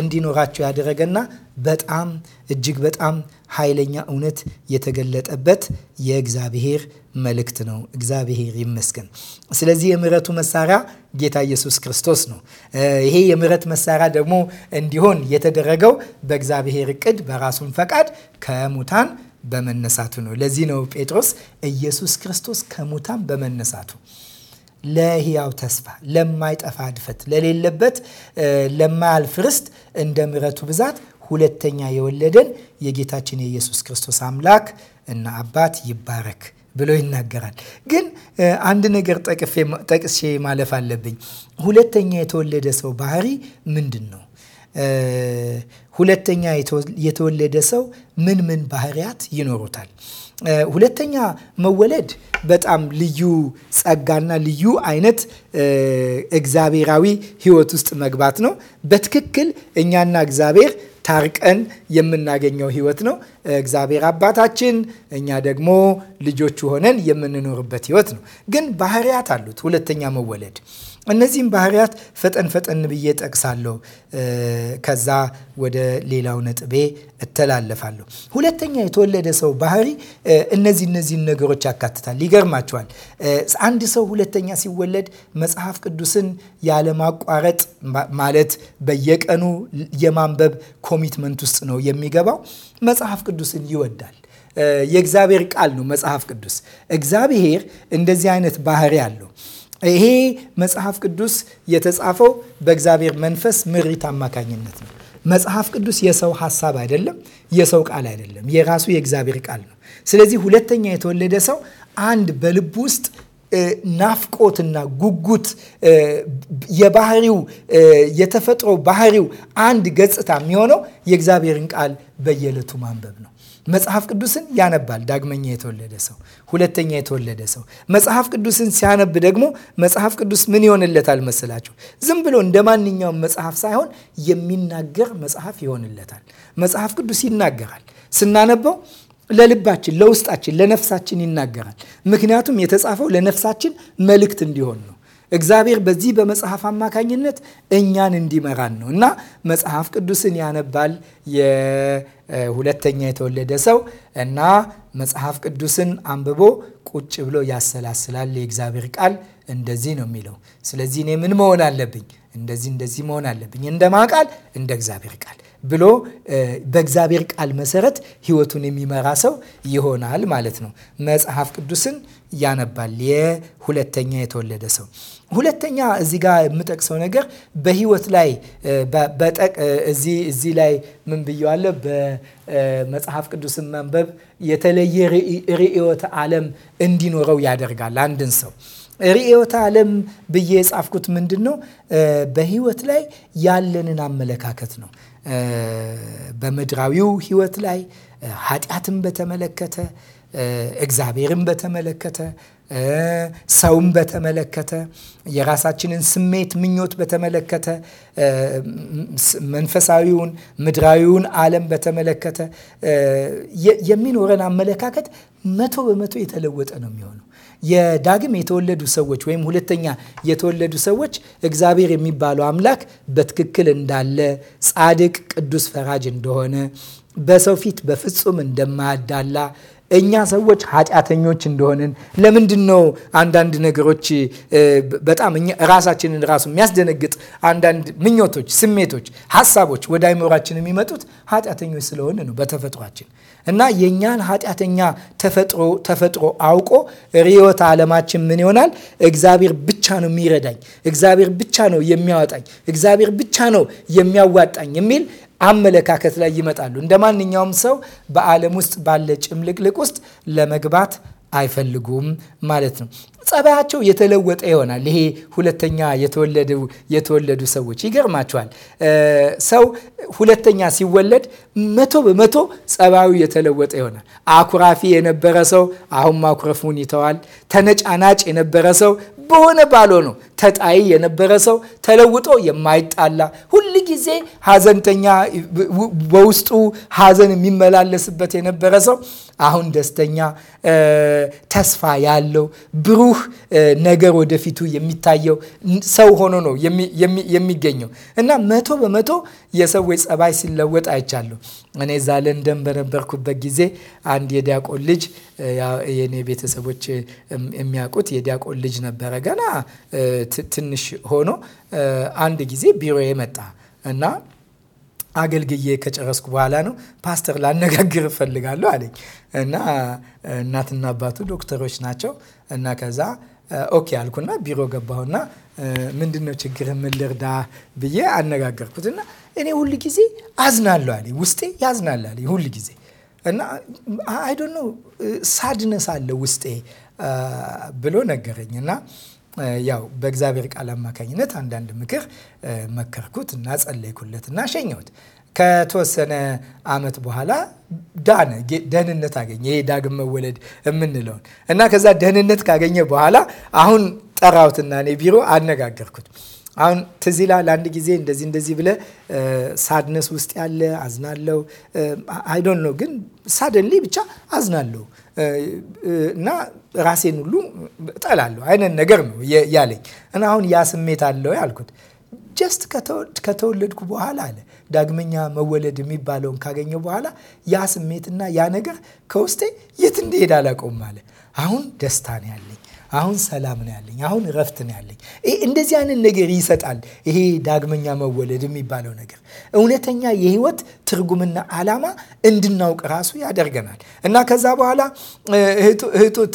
እንዲኖራቸው ያደረገና በጣም እጅግ በጣም ኃይለኛ እውነት የተገለጠበት የእግዚአብሔር መልእክት ነው። እግዚአብሔር ይመስገን። ስለዚህ የምሕረቱ መሳሪያ ጌታ ኢየሱስ ክርስቶስ ነው። ይሄ የምሕረት መሳሪያ ደግሞ እንዲሆን የተደረገው በእግዚአብሔር እቅድ በራሱን ፈቃድ ከሙታን በመነሳቱ ነው። ለዚህ ነው ጴጥሮስ ኢየሱስ ክርስቶስ ከሙታን በመነሳቱ ለሕያው ተስፋ፣ ለማይጠፋ እድፈት፣ ለሌለበት ለማያልፍ ርስት እንደ ምሕረቱ ብዛት ሁለተኛ የወለደን የጌታችን የኢየሱስ ክርስቶስ አምላክ እና አባት ይባረክ። ብሎ ይናገራል። ግን አንድ ነገር ጠቅሼ ማለፍ አለብኝ። ሁለተኛ የተወለደ ሰው ባህሪ ምንድን ነው? ሁለተኛ የተወለደ ሰው ምን ምን ባህሪያት ይኖሩታል? ሁለተኛ መወለድ በጣም ልዩ ጸጋና ልዩ አይነት እግዚአብሔራዊ ሕይወት ውስጥ መግባት ነው። በትክክል እኛና እግዚአብሔር ታርቀን የምናገኘው ህይወት ነው። እግዚአብሔር አባታችን፣ እኛ ደግሞ ልጆቹ ሆነን የምንኖርበት ህይወት ነው። ግን ባህሪያት አሉት ሁለተኛ መወለድ እነዚህም ባህሪያት ፈጠን ፈጠን ብዬ ጠቅሳለሁ። ከዛ ወደ ሌላው ነጥቤ እተላለፋለሁ። ሁለተኛ የተወለደ ሰው ባህሪ እነዚህ እነዚህን ነገሮች ያካትታል። ይገርማቸዋል። አንድ ሰው ሁለተኛ ሲወለድ መጽሐፍ ቅዱስን ያለማቋረጥ ማለት በየቀኑ የማንበብ ኮሚትመንት ውስጥ ነው የሚገባው። መጽሐፍ ቅዱስን ይወዳል። የእግዚአብሔር ቃል ነው መጽሐፍ ቅዱስ። እግዚአብሔር እንደዚህ አይነት ባህሪ አለው። ይሄ መጽሐፍ ቅዱስ የተጻፈው በእግዚአብሔር መንፈስ ምሪት አማካኝነት ነው። መጽሐፍ ቅዱስ የሰው ሀሳብ አይደለም፣ የሰው ቃል አይደለም፣ የራሱ የእግዚአብሔር ቃል ነው። ስለዚህ ሁለተኛ የተወለደ ሰው አንድ በልብ ውስጥ ናፍቆትና ጉጉት የባህሪው የተፈጥሮ ባህሪው አንድ ገጽታ የሚሆነው የእግዚአብሔርን ቃል በየዕለቱ ማንበብ ነው። መጽሐፍ ቅዱስን ያነባል። ዳግመኛ የተወለደ ሰው፣ ሁለተኛ የተወለደ ሰው መጽሐፍ ቅዱስን ሲያነብ ደግሞ መጽሐፍ ቅዱስ ምን ይሆንለታል መሰላችሁ? ዝም ብሎ እንደ ማንኛውም መጽሐፍ ሳይሆን የሚናገር መጽሐፍ ይሆንለታል። መጽሐፍ ቅዱስ ይናገራል። ስናነበው ለልባችን፣ ለውስጣችን፣ ለነፍሳችን ይናገራል። ምክንያቱም የተጻፈው ለነፍሳችን መልእክት እንዲሆን ነው። እግዚአብሔር በዚህ በመጽሐፍ አማካኝነት እኛን እንዲመራን ነው እና መጽሐፍ ቅዱስን ያነባል የሁለተኛ የተወለደ ሰው እና መጽሐፍ ቅዱስን አንብቦ ቁጭ ብሎ ያሰላስላል። የእግዚአብሔር ቃል እንደዚህ ነው የሚለው። ስለዚህ እኔ ምን መሆን አለብኝ? እንደዚህ እንደዚህ መሆን አለብኝ። እንደማ ቃል እንደ እግዚአብሔር ቃል ብሎ በእግዚአብሔር ቃል መሰረት ህይወቱን የሚመራ ሰው ይሆናል ማለት ነው። መጽሐፍ ቅዱስን ያነባል የሁለተኛ የተወለደ ሰው ሁለተኛ እዚህ ጋር የምጠቅሰው ነገር በህይወት ላይ እዚህ ላይ ምን ብየዋለሁ? በመጽሐፍ ቅዱስን መንበብ የተለየ ርዕዮተ ዓለም እንዲኖረው ያደርጋል አንድን ሰው። ርዕዮተ ዓለም ብዬ የጻፍኩት ምንድን ነው? በህይወት ላይ ያለንን አመለካከት ነው። በምድራዊው ህይወት ላይ ኃጢአትን በተመለከተ እግዚአብሔርን በተመለከተ ሰውም በተመለከተ የራሳችንን ስሜት ምኞት በተመለከተ መንፈሳዊውን ምድራዊውን ዓለም በተመለከተ የሚኖረን አመለካከት መቶ በመቶ የተለወጠ ነው የሚሆነው። የዳግም የተወለዱ ሰዎች ወይም ሁለተኛ የተወለዱ ሰዎች እግዚአብሔር የሚባለው አምላክ በትክክል እንዳለ፣ ጻድቅ፣ ቅዱስ፣ ፈራጅ እንደሆነ በሰው ፊት በፍጹም እንደማያዳላ እኛ ሰዎች ኃጢአተኞች እንደሆንን ለምንድን ነው አንዳንድ ነገሮች በጣም ራሳችንን ራሱ የሚያስደነግጥ አንዳንድ ምኞቶች፣ ስሜቶች፣ ሀሳቦች ወደ አይምሯችን የሚመጡት ኃጢአተኞች ስለሆነ ነው በተፈጥሯችን እና የእኛን ኃጢአተኛ ተፈጥሮ አውቆ ርዕዮተ ዓለማችን ምን ይሆናል? እግዚአብሔር ብቻ ነው የሚረዳኝ፣ እግዚአብሔር ብቻ ነው የሚያወጣኝ፣ እግዚአብሔር ብቻ ነው የሚያዋጣኝ የሚል አመለካከት ላይ ይመጣሉ። እንደ ማንኛውም ሰው በዓለም ውስጥ ባለ ጭምልቅልቅ ውስጥ ለመግባት አይፈልጉም ማለት ነው። ጸባያቸው የተለወጠ ይሆናል። ይሄ ሁለተኛ የተወለዱ ሰዎች ይገርማቸዋል። ሰው ሁለተኛ ሲወለድ መቶ በመቶ ጸባዩ የተለወጠ ይሆናል። አኩራፊ የነበረ ሰው አሁን ማኩረፉን ይተዋል። ተነጫናጭ የነበረ ሰው በሆነ ባልሆነው ተጣይ የነበረ ሰው ተለውጦ የማይጣላ ሁል ጊዜ ሀዘንተኛ በውስጡ ሀዘን የሚመላለስበት የነበረ ሰው አሁን ደስተኛ፣ ተስፋ ያለው ብሩህ ነገር ወደፊቱ የሚታየው ሰው ሆኖ ነው የሚገኘው እና መቶ በመቶ የሰዎች ጸባይ ሲለወጥ አይቻለሁ። እኔ እዛ ለንደን በነበርኩበት ጊዜ አንድ የዲያቆን ልጅ የእኔ ቤተሰቦች የሚያውቁት የዲያቆን ልጅ ነበረ። ገና ትንሽ ሆኖ አንድ ጊዜ ቢሮዬ መጣ እና አገልግዬ ከጨረስኩ በኋላ ነው ፓስተር ላነጋግር እፈልጋለሁ አለኝ እና እናትና አባቱ ዶክተሮች ናቸው እና ከዛ ኦኬ አልኩና ቢሮ ገባሁና ምንድን ነው ችግር ምልርዳ ብዬ አነጋገርኩት አነጋገርኩትና እኔ ሁል ጊዜ አዝናለሁ አለ ውስጤ ያዝናል አለ ሁል ጊዜ እና አይ ዶንት ኖ ሳድነስ አለ ውስጤ ብሎ ነገረኝ እና ያው በእግዚአብሔር ቃል አማካኝነት አንዳንድ ምክር መከርኩት እና ጸለይኩለት እና ሸኘሁት። ከተወሰነ ዓመት በኋላ ዳነ፣ ደህንነት አገኘ። ይሄ ዳግም መወለድ የምንለውን እና ከዛ ደህንነት ካገኘ በኋላ አሁን ጠራሁትና እኔ ቢሮ አነጋገርኩት። አሁን ትዝ ይልሃል አንድ ጊዜ እንደዚህ እንደዚህ ብለ ሳድነስ ውስጥ ያለ አዝናለው አይዶን ነው ግን ሳደንሊ ብቻ አዝናለሁ እና ራሴን ሁሉ ጠላለሁ አይነት ነገር ነው ያለኝ እና አሁን ያ ስሜት አለው ያልኩት ጀስት ከተወለድኩ በኋላ አለ ዳግመኛ መወለድ የሚባለውን ካገኘው በኋላ ያ ስሜትና ያ ነገር ከውስጤ የት እንደሄድ አላውቀውም አለ። አሁን ደስታ ነው ያለኝ አሁን ሰላም ነው ያለኝ፣ አሁን እረፍት ነው ያለኝ። እንደዚህ አይነት ነገር ይሰጣል። ይሄ ዳግመኛ መወለድ የሚባለው ነገር እውነተኛ የህይወት ትርጉምና ዓላማ እንድናውቅ ራሱ ያደርገናል። እና ከዛ በኋላ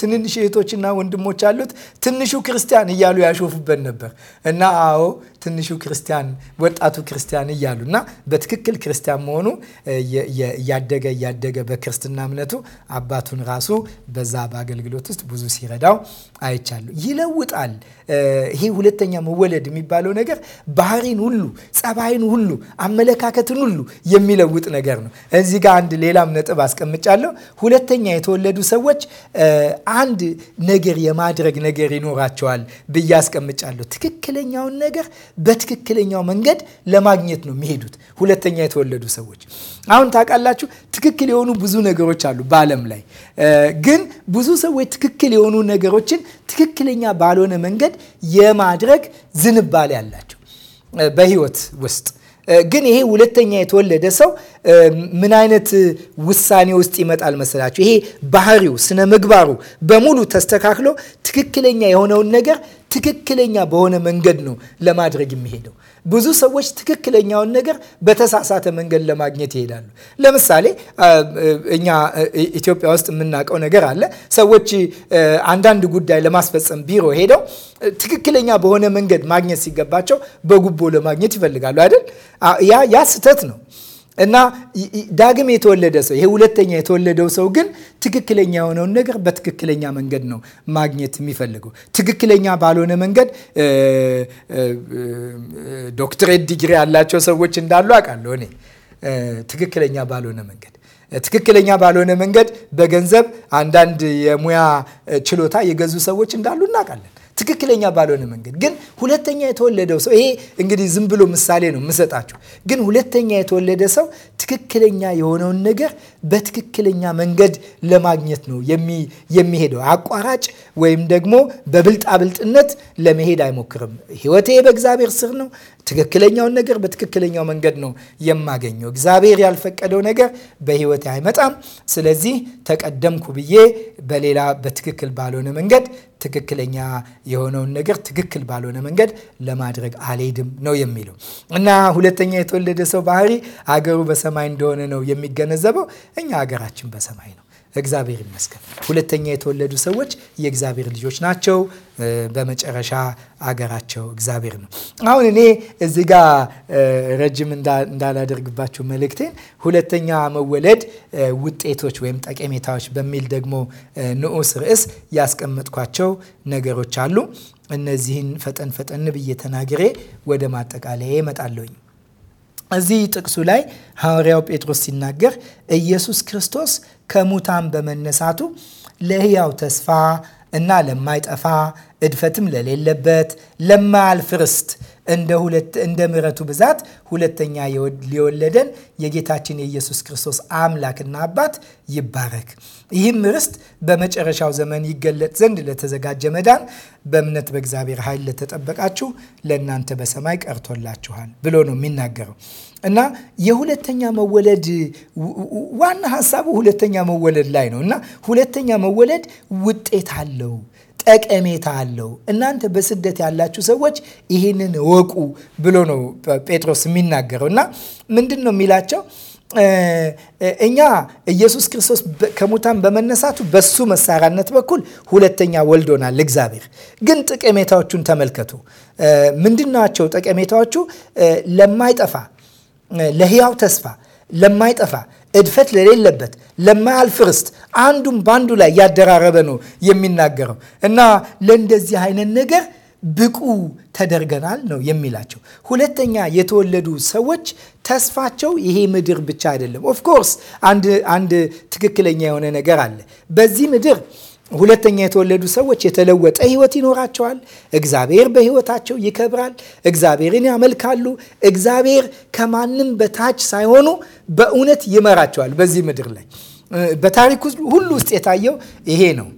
ትንንሽ እህቶችና ወንድሞች አሉት። ትንሹ ክርስቲያን እያሉ ያሾፉበት ነበር እና አዎ ትንሹ ክርስቲያን፣ ወጣቱ ክርስቲያን እያሉ እና በትክክል ክርስቲያን መሆኑ እያደገ እያደገ በክርስትና እምነቱ አባቱን ራሱ በዛ በአገልግሎት ውስጥ ብዙ ሲረዳው አይቻሉ። ይለውጣል። ይሄ ሁለተኛ መወለድ የሚባለው ነገር ባህሪን ሁሉ፣ ጸባይን ሁሉ፣ አመለካከትን ሁሉ የሚለውጥ ነገር ነው። እዚህ ጋር አንድ ሌላም ነጥብ አስቀምጫለሁ። ሁለተኛ የተወለዱ ሰዎች አንድ ነገር የማድረግ ነገር ይኖራቸዋል ብዬ አስቀምጫለሁ። ትክክለኛውን ነገር በትክክለኛው መንገድ ለማግኘት ነው የሚሄዱት ሁለተኛ የተወለዱ ሰዎች። አሁን ታውቃላችሁ ትክክል የሆኑ ብዙ ነገሮች አሉ በዓለም ላይ ግን ብዙ ሰዎች ትክክል የሆኑ ነገሮችን ትክክለኛ ባልሆነ መንገድ የማድረግ ዝንባሌ አላቸው በህይወት ውስጥ ግን ይሄ ሁለተኛ የተወለደ ሰው ምን አይነት ውሳኔ ውስጥ ይመጣል መሰላችሁ? ይሄ ባህሪው፣ ስነ ምግባሩ በሙሉ ተስተካክሎ ትክክለኛ የሆነውን ነገር ትክክለኛ በሆነ መንገድ ነው ለማድረግ የሚሄደው። ብዙ ሰዎች ትክክለኛውን ነገር በተሳሳተ መንገድ ለማግኘት ይሄዳሉ። ለምሳሌ እኛ ኢትዮጵያ ውስጥ የምናውቀው ነገር አለ። ሰዎች አንዳንድ ጉዳይ ለማስፈጸም ቢሮ ሄደው ትክክለኛ በሆነ መንገድ ማግኘት ሲገባቸው በጉቦ ለማግኘት ይፈልጋሉ አይደል? ያ ስህተት ነው። እና ዳግም የተወለደ ሰው ይሄ ሁለተኛ የተወለደው ሰው ግን ትክክለኛ የሆነውን ነገር በትክክለኛ መንገድ ነው ማግኘት የሚፈልገው። ትክክለኛ ባልሆነ መንገድ ዶክትሬት ዲግሪ ያላቸው ሰዎች እንዳሉ አውቃለሁ እኔ ትክክለኛ ባልሆነ መንገድ ትክክለኛ ባልሆነ መንገድ በገንዘብ አንዳንድ የሙያ ችሎታ የገዙ ሰዎች እንዳሉ እናውቃለን። ትክክለኛ ባልሆነ መንገድ ግን ሁለተኛ የተወለደው ሰው ይሄ እንግዲህ ዝም ብሎ ምሳሌ ነው የምሰጣችሁ። ግን ሁለተኛ የተወለደ ሰው ትክክለኛ የሆነውን ነገር በትክክለኛ መንገድ ለማግኘት ነው የሚሄደው። አቋራጭ ወይም ደግሞ በብልጣብልጥነት ለመሄድ አይሞክርም። ሕይወቴ በእግዚአብሔር ስር ነው። ትክክለኛውን ነገር በትክክለኛው መንገድ ነው የማገኘው። እግዚአብሔር ያልፈቀደው ነገር በሕይወቴ አይመጣም። ስለዚህ ተቀደምኩ ብዬ በሌላ በትክክል ባልሆነ መንገድ ትክክለኛ የሆነውን ነገር ትክክል ባልሆነ መንገድ ለማድረግ አልሄድም ነው የሚለው እና ሁለተኛ የተወለደ ሰው ባህሪ አገሩ በሰማይ እንደሆነ ነው የሚገነዘበው። እኛ አገራችን በሰማይ ነው። እግዚአብሔር ይመስገን። ሁለተኛ የተወለዱ ሰዎች የእግዚአብሔር ልጆች ናቸው። በመጨረሻ አገራቸው እግዚአብሔር ነው። አሁን እኔ እዚህ ጋ ረጅም እንዳላደርግባቸው መልእክቴን ሁለተኛ መወለድ ውጤቶች ወይም ጠቀሜታዎች በሚል ደግሞ ንዑስ ርዕስ ያስቀመጥኳቸው ነገሮች አሉ። እነዚህን ፈጠን ፈጠን ብዬ ተናግሬ ወደ ማጠቃለያ እመጣለሁኝ። እዚህ ጥቅሱ ላይ ሐዋርያው ጴጥሮስ ሲናገር ኢየሱስ ክርስቶስ ከሙታን በመነሳቱ ለሕያው ተስፋ እና ለማይጠፋ እድፈትም ለሌለበት ለማያልፍ ርስት እንደ ሁለት እንደ ምረቱ ብዛት ሁለተኛ ሊወለደን የጌታችን የኢየሱስ ክርስቶስ አምላክና አባት ይባረክ። ይህም ርስት በመጨረሻው ዘመን ይገለጥ ዘንድ ለተዘጋጀ መዳን በእምነት በእግዚአብሔር ኃይል ለተጠበቃችሁ ለእናንተ በሰማይ ቀርቶላችኋል ብሎ ነው የሚናገረው እና የሁለተኛ መወለድ ዋና ሀሳቡ ሁለተኛ መወለድ ላይ ነው እና ሁለተኛ መወለድ ውጤት አለው ጠቀሜታ አለው። እናንተ በስደት ያላችሁ ሰዎች ይህንን እወቁ ብሎ ነው ጴጥሮስ የሚናገረው እና ምንድን ነው የሚላቸው እኛ ኢየሱስ ክርስቶስ ከሙታን በመነሳቱ በሱ መሳሪያነት በኩል ሁለተኛ ወልዶናል እግዚአብሔር። ግን ጠቀሜታዎቹን ተመልከቱ። ምንድናቸው ጠቀሜታዎቹ? ለማይጠፋ ለሕያው ተስፋ ለማይጠፋ እድፈት ለሌለበት ለማያልፍ ርስት አንዱም በአንዱ ላይ ያደራረበ ነው የሚናገረው እና ለእንደዚህ አይነት ነገር ብቁ ተደርገናል ነው የሚላቸው። ሁለተኛ የተወለዱ ሰዎች ተስፋቸው ይሄ ምድር ብቻ አይደለም። ኦፍኮርስ አንድ ትክክለኛ የሆነ ነገር አለ በዚህ ምድር ሁለተኛ የተወለዱ ሰዎች የተለወጠ ህይወት ይኖራቸዋል። እግዚአብሔር በህይወታቸው ይከብራል። እግዚአብሔርን ያመልካሉ። እግዚአብሔር ከማንም በታች ሳይሆኑ በእውነት ይመራቸዋል። በዚህ ምድር ላይ በታሪክ ሁሉ ውስጥ የታየው ይሄ ነው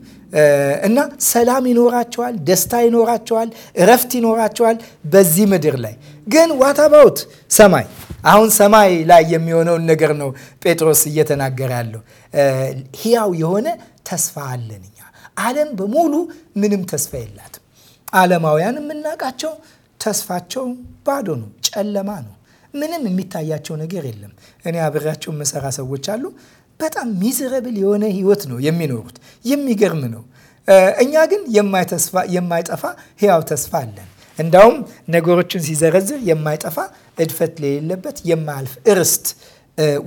እና ሰላም ይኖራቸዋል፣ ደስታ ይኖራቸዋል፣ እረፍት ይኖራቸዋል በዚህ ምድር ላይ ግን ዋት አባውት ሰማይ አሁን ሰማይ ላይ የሚሆነውን ነገር ነው ጴጥሮስ እየተናገረ ያለው። ህያው የሆነ ተስፋ አለን ዓለም በሙሉ ምንም ተስፋ የላትም። ዓለማውያን የምናውቃቸው ተስፋቸው ባዶ ነው፣ ጨለማ ነው። ምንም የሚታያቸው ነገር የለም። እኔ አብሬያቸው መሰራ ሰዎች አሉ። በጣም ሚዝረብል የሆነ ህይወት ነው የሚኖሩት። የሚገርም ነው። እኛ ግን የማይጠፋ ህያው ተስፋ አለን። እንዳውም ነገሮችን ሲዘረዝር የማይጠፋ እድፈት የሌለበት የማያልፍ እርስት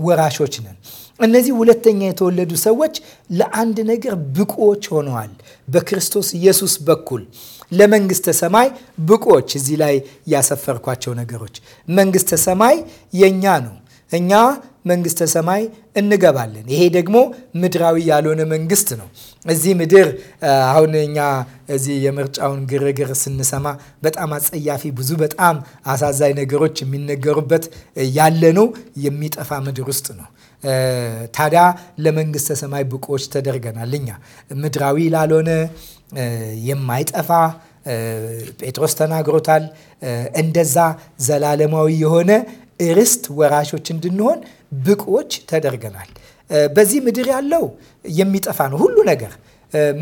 ወራሾች ነን። እነዚህ ሁለተኛ የተወለዱ ሰዎች ለአንድ ነገር ብቁዎች ሆነዋል። በክርስቶስ ኢየሱስ በኩል ለመንግስተ ሰማይ ብቁዎች። እዚህ ላይ ያሰፈርኳቸው ነገሮች መንግስተ ሰማይ የእኛ ነው። እኛ መንግስተ ሰማይ እንገባለን። ይሄ ደግሞ ምድራዊ ያልሆነ መንግስት ነው። እዚህ ምድር አሁን እኛ እዚህ የምርጫውን ግርግር ስንሰማ በጣም አጸያፊ፣ ብዙ በጣም አሳዛኝ ነገሮች የሚነገሩበት ያለ ነው የሚጠፋ ምድር ውስጥ ነው። ታዲያ ለመንግስተ ሰማይ ብቁዎች ተደርገናል። እኛ ምድራዊ ላልሆነ የማይጠፋ ጴጥሮስ ተናግሮታል። እንደዛ ዘላለማዊ የሆነ ርስት ወራሾች እንድንሆን ብቁዎች ተደርገናል። በዚህ ምድር ያለው የሚጠፋ ነው ሁሉ ነገር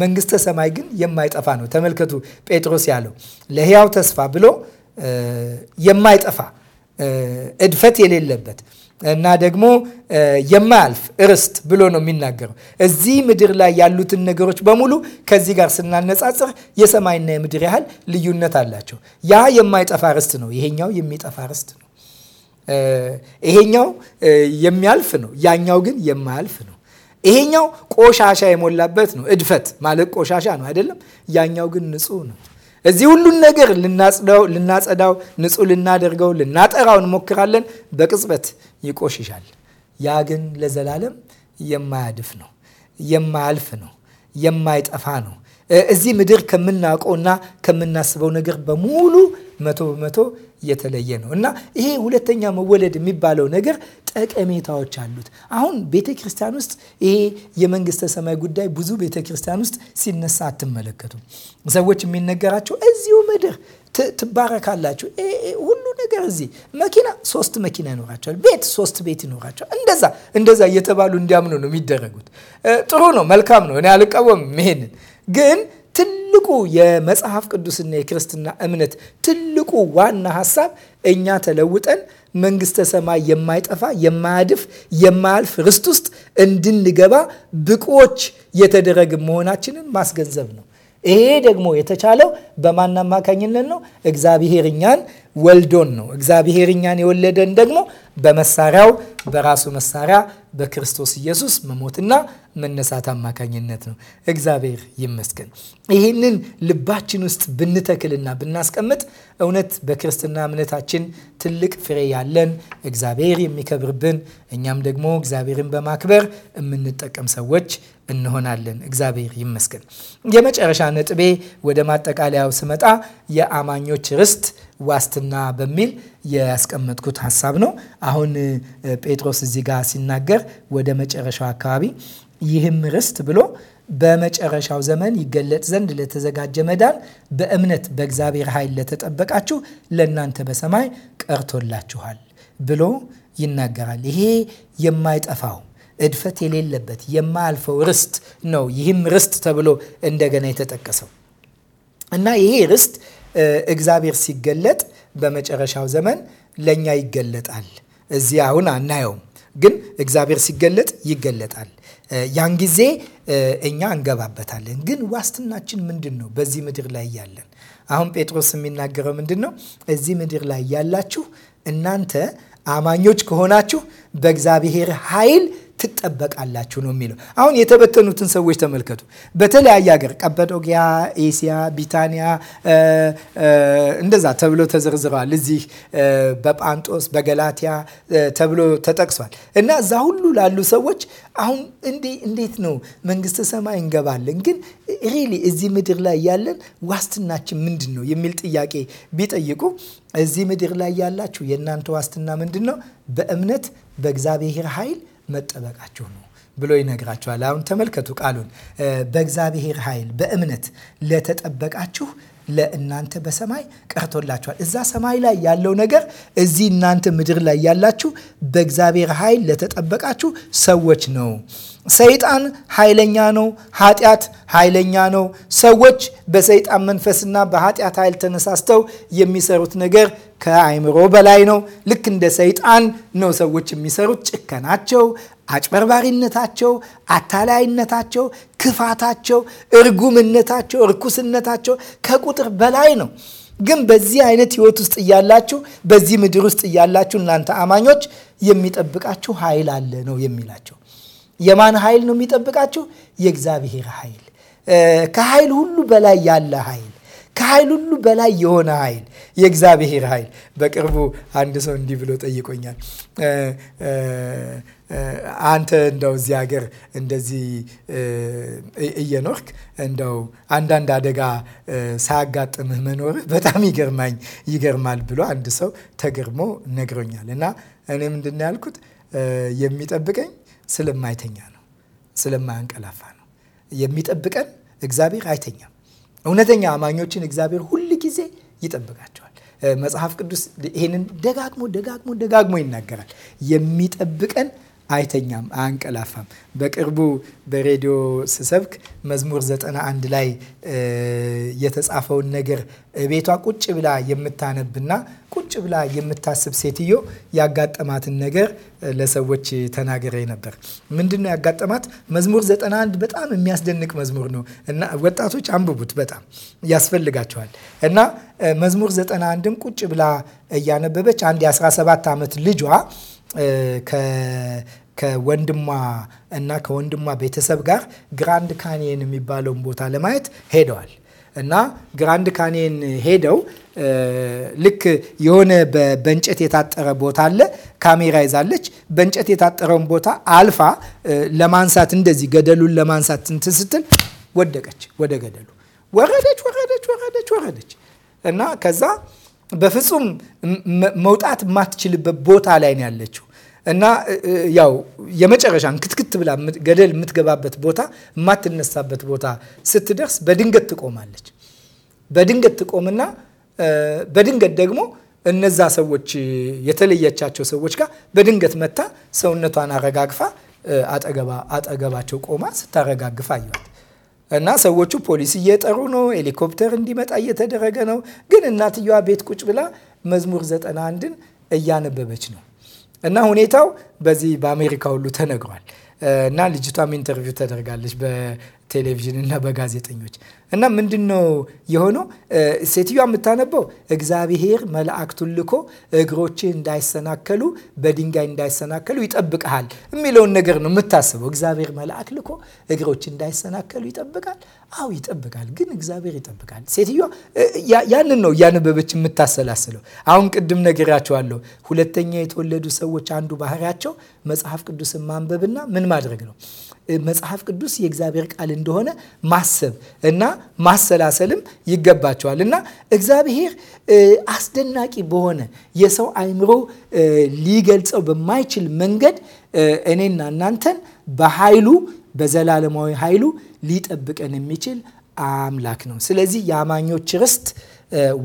መንግስተ ሰማይ ግን የማይጠፋ ነው። ተመልከቱ ጴጥሮስ ያለው ለሕያው ተስፋ ብሎ የማይጠፋ እድፈት የሌለበት እና ደግሞ የማያልፍ እርስት ብሎ ነው የሚናገረው። እዚህ ምድር ላይ ያሉትን ነገሮች በሙሉ ከዚህ ጋር ስናነጻጽር የሰማይና የምድር ያህል ልዩነት አላቸው። ያ የማይጠፋ ርስት ነው፣ ይሄኛው የሚጠፋ ርስት ነው። ይሄኛው የሚያልፍ ነው፣ ያኛው ግን የማያልፍ ነው። ይሄኛው ቆሻሻ የሞላበት ነው። እድፈት ማለት ቆሻሻ ነው አይደለም? ያኛው ግን ንጹህ ነው። እዚህ ሁሉን ነገር ልናጸዳው፣ ንጹህ ልናደርገው፣ ልናጠራው እንሞክራለን። በቅጽበት ይቆሽሻል። ያ ግን ለዘላለም የማያድፍ ነው፣ የማያልፍ ነው፣ የማይጠፋ ነው። እዚህ ምድር ከምናውቀውና ከምናስበው ነገር በሙሉ መቶ በመቶ የተለየ ነው እና ይሄ ሁለተኛ መወለድ የሚባለው ነገር ጠቀሜታዎች አሉት። አሁን ቤተ ክርስቲያን ውስጥ ይሄ የመንግስተ ሰማይ ጉዳይ ብዙ ቤተ ክርስቲያን ውስጥ ሲነሳ አትመለከቱም። ሰዎች የሚነገራቸው እዚሁ ምድር ትባረካላችሁ፣ ሁሉ ነገር እዚህ መኪና ሶስት መኪና ይኖራቸዋል፣ ቤት ሶስት ቤት ይኖራቸዋል። እንደዛ እንደዛ እየተባሉ እንዲያምኑ ነው የሚደረጉት። ጥሩ ነው፣ መልካም ነው። እኔ አልቃወምም ይሄንን ግን ትልቁ የመጽሐፍ ቅዱስና የክርስትና እምነት ትልቁ ዋና ሀሳብ እኛ ተለውጠን መንግስተ ሰማይ የማይጠፋ የማያድፍ የማያልፍ ርስት ውስጥ እንድንገባ ብቁዎች የተደረግ መሆናችንን ማስገንዘብ ነው። ይሄ ደግሞ የተቻለው በማን አማካኝነት ነው? እግዚአብሔር እኛን ወልዶን ነው። እግዚአብሔር እኛን የወለደን ደግሞ በመሳሪያው በራሱ መሳሪያ በክርስቶስ ኢየሱስ መሞትና መነሳት አማካኝነት ነው። እግዚአብሔር ይመስገን። ይህንን ልባችን ውስጥ ብንተክልና ብናስቀምጥ እውነት በክርስትና እምነታችን ትልቅ ፍሬ ያለን እግዚአብሔር የሚከብርብን እኛም ደግሞ እግዚአብሔርን በማክበር የምንጠቀም ሰዎች እንሆናለን። እግዚአብሔር ይመስገን። የመጨረሻ ነጥቤ ወደ ማጠቃለያው ስመጣ የአማኞች ርስት ዋስትና በሚል ያስቀመጥኩት ሀሳብ ነው። አሁን ጴጥሮስ እዚህ ጋር ሲናገር ወደ መጨረሻው አካባቢ ይህም ርስት ብሎ በመጨረሻው ዘመን ይገለጥ ዘንድ ለተዘጋጀ መዳን በእምነት በእግዚአብሔር ኃይል ለተጠበቃችሁ ለእናንተ በሰማይ ቀርቶላችኋል ብሎ ይናገራል። ይሄ የማይጠፋው እድፈት የሌለበት የማያልፈው ርስት ነው። ይህም ርስት ተብሎ እንደገና የተጠቀሰው እና ይሄ ርስት እግዚአብሔር ሲገለጥ በመጨረሻው ዘመን ለእኛ ይገለጣል። እዚህ አሁን አናየውም፣ ግን እግዚአብሔር ሲገለጥ ይገለጣል። ያን ጊዜ እኛ እንገባበታለን። ግን ዋስትናችን ምንድን ነው? በዚህ ምድር ላይ ያለን አሁን ጴጥሮስ የሚናገረው ምንድን ነው? እዚህ ምድር ላይ ያላችሁ እናንተ አማኞች ከሆናችሁ በእግዚአብሔር ኃይል ትጠበቃላችሁ ነው የሚለው። አሁን የተበተኑትን ሰዎች ተመልከቱ። በተለያየ ሀገር ቀጰዶቅያ፣ ኤስያ፣ ቢታንያ እንደዛ ተብሎ ተዘርዝረዋል። እዚህ በጳንጦስ በገላትያ ተብሎ ተጠቅሷል። እና እዛ ሁሉ ላሉ ሰዎች አሁን እንዴት ነው መንግስተ ሰማይ እንገባለን፣ ግን ሪሊ እዚህ ምድር ላይ ያለን ዋስትናችን ምንድን ነው የሚል ጥያቄ ቢጠይቁ እዚህ ምድር ላይ ያላችሁ የእናንተ ዋስትና ምንድን ነው? በእምነት በእግዚአብሔር ኃይል መጠበቃችሁ ነው ብሎ ይነግራቸዋል። አሁን ተመልከቱ ቃሉን በእግዚአብሔር ኃይል በእምነት ለተጠበቃችሁ ለእናንተ በሰማይ ቀርቶላችኋል። እዛ ሰማይ ላይ ያለው ነገር እዚህ እናንተ ምድር ላይ ያላችሁ በእግዚአብሔር ኃይል ለተጠበቃችሁ ሰዎች ነው። ሰይጣን ኃይለኛ ነው። ኃጢአት ኃይለኛ ነው። ሰዎች በሰይጣን መንፈስና በኃጢአት ኃይል ተነሳስተው የሚሰሩት ነገር ከአይምሮ በላይ ነው። ልክ እንደ ሰይጣን ነው ሰዎች የሚሰሩት። ጭከናቸው፣ አጭበርባሪነታቸው፣ አታላይነታቸው፣ ክፋታቸው፣ እርጉምነታቸው፣ እርኩስነታቸው ከቁጥር በላይ ነው። ግን በዚህ አይነት ህይወት ውስጥ እያላችሁ በዚህ ምድር ውስጥ እያላችሁ እናንተ አማኞች የሚጠብቃችሁ ኃይል አለ ነው የሚላቸው የማን ኃይል ነው የሚጠብቃችሁ? የእግዚአብሔር ኃይል። ከኃይል ሁሉ በላይ ያለ ኃይል፣ ከኃይል ሁሉ በላይ የሆነ ኃይል፣ የእግዚአብሔር ኃይል። በቅርቡ አንድ ሰው እንዲህ ብሎ ጠይቆኛል። አንተ እንደው እዚህ ሀገር እንደዚህ እየኖርክ እንደው አንዳንድ አደጋ ሳያጋጥምህ መኖርህ በጣም ይገርማኝ ይገርማል ብሎ አንድ ሰው ተገርሞ ነግሮኛል። እና እኔ ምንድን ነው ያልኩት የሚጠብቀኝ ስለማይተኛ ነው፣ ስለማያንቀላፋ ነው። የሚጠብቀን እግዚአብሔር አይተኛም። እውነተኛ አማኞችን እግዚአብሔር ሁል ጊዜ ይጠብቃቸዋል። መጽሐፍ ቅዱስ ይህንን ደጋግሞ ደጋግሞ ደጋግሞ ይናገራል። የሚጠብቀን አይተኛም፣ አያንቀላፋም። በቅርቡ በሬዲዮ ስሰብክ መዝሙር ዘጠና አንድ ላይ የተጻፈውን ነገር ቤቷ ቁጭ ብላ የምታነብና ቁጭ ብላ የምታስብ ሴትዮ ያጋጠማትን ነገር ለሰዎች ተናግሬ ነበር። ምንድን ነው ያጋጠማት? መዝሙር ዘጠና አንድ በጣም የሚያስደንቅ መዝሙር ነው እና ወጣቶች አንብቡት፣ በጣም ያስፈልጋቸዋል። እና መዝሙር ዘጠና ን ቁጭ ብላ እያነበበች አንድ የ17 ዓመት ልጇ ከወንድሟ እና ከወንድሟ ቤተሰብ ጋር ግራንድ ካኒየን የሚባለውን ቦታ ለማየት ሄደዋል እና ግራንድ ካኒየን ሄደው ልክ የሆነ በእንጨት የታጠረ ቦታ አለ። ካሜራ ይዛለች። በእንጨት የታጠረውን ቦታ አልፋ ለማንሳት እንደዚህ ገደሉን ለማንሳት እንትን ስትል ወደቀች። ወደ ገደሉ ወረደች፣ ወረደች፣ ወረደች፣ ወረደች እና ከዛ በፍጹም መውጣት የማትችልበት ቦታ ላይ ነው ያለችው እና ያው የመጨረሻ ክትክት ብላ ገደል የምትገባበት ቦታ የማትነሳበት ቦታ ስትደርስ በድንገት ትቆማለች። በድንገት ትቆምና በድንገት ደግሞ እነዛ ሰዎች የተለየቻቸው ሰዎች ጋር በድንገት መታ ሰውነቷን አረጋግፋ አጠገባቸው ቆማ ስታረጋግፋ አየዋት። እና ሰዎቹ ፖሊስ እየጠሩ ነው። ሄሊኮፕተር እንዲመጣ እየተደረገ ነው። ግን እናትየዋ ቤት ቁጭ ብላ መዝሙር ዘጠና አንድን እያነበበች ነው። እና ሁኔታው በዚህ በአሜሪካ ሁሉ ተነግሯል። እና ልጅቷም ኢንተርቪው ተደርጋለች ቴሌቪዥን እና በጋዜጠኞች እና ምንድን ነው የሆነው? ሴትዮዋ የምታነበው እግዚአብሔር መላእክቱን ልኮ እግሮችህ እንዳይሰናከሉ በድንጋይ እንዳይሰናከሉ ይጠብቀሃል የሚለውን ነገር ነው የምታስበው። እግዚአብሔር መልአክ ልኮ እግሮች እንዳይሰናከሉ ይጠብቃል። አዎ ይጠብቃል፣ ግን እግዚአብሔር ይጠብቃል። ሴትዮዋ ያንን ነው እያነበበች የምታሰላስለው። አሁን ቅድም ነግሬያቸዋለሁ። ሁለተኛ የተወለዱ ሰዎች አንዱ ባህሪያቸው መጽሐፍ ቅዱስን ማንበብና ምን ማድረግ ነው መጽሐፍ ቅዱስ የእግዚአብሔር ቃል እንደሆነ ማሰብ እና ማሰላሰልም ይገባቸዋል እና እግዚአብሔር አስደናቂ በሆነ የሰው አይምሮ ሊገልጸው በማይችል መንገድ እኔና እናንተን በኃይሉ በዘላለማዊ ኃይሉ ሊጠብቀን የሚችል አምላክ ነው። ስለዚህ የአማኞች ርስት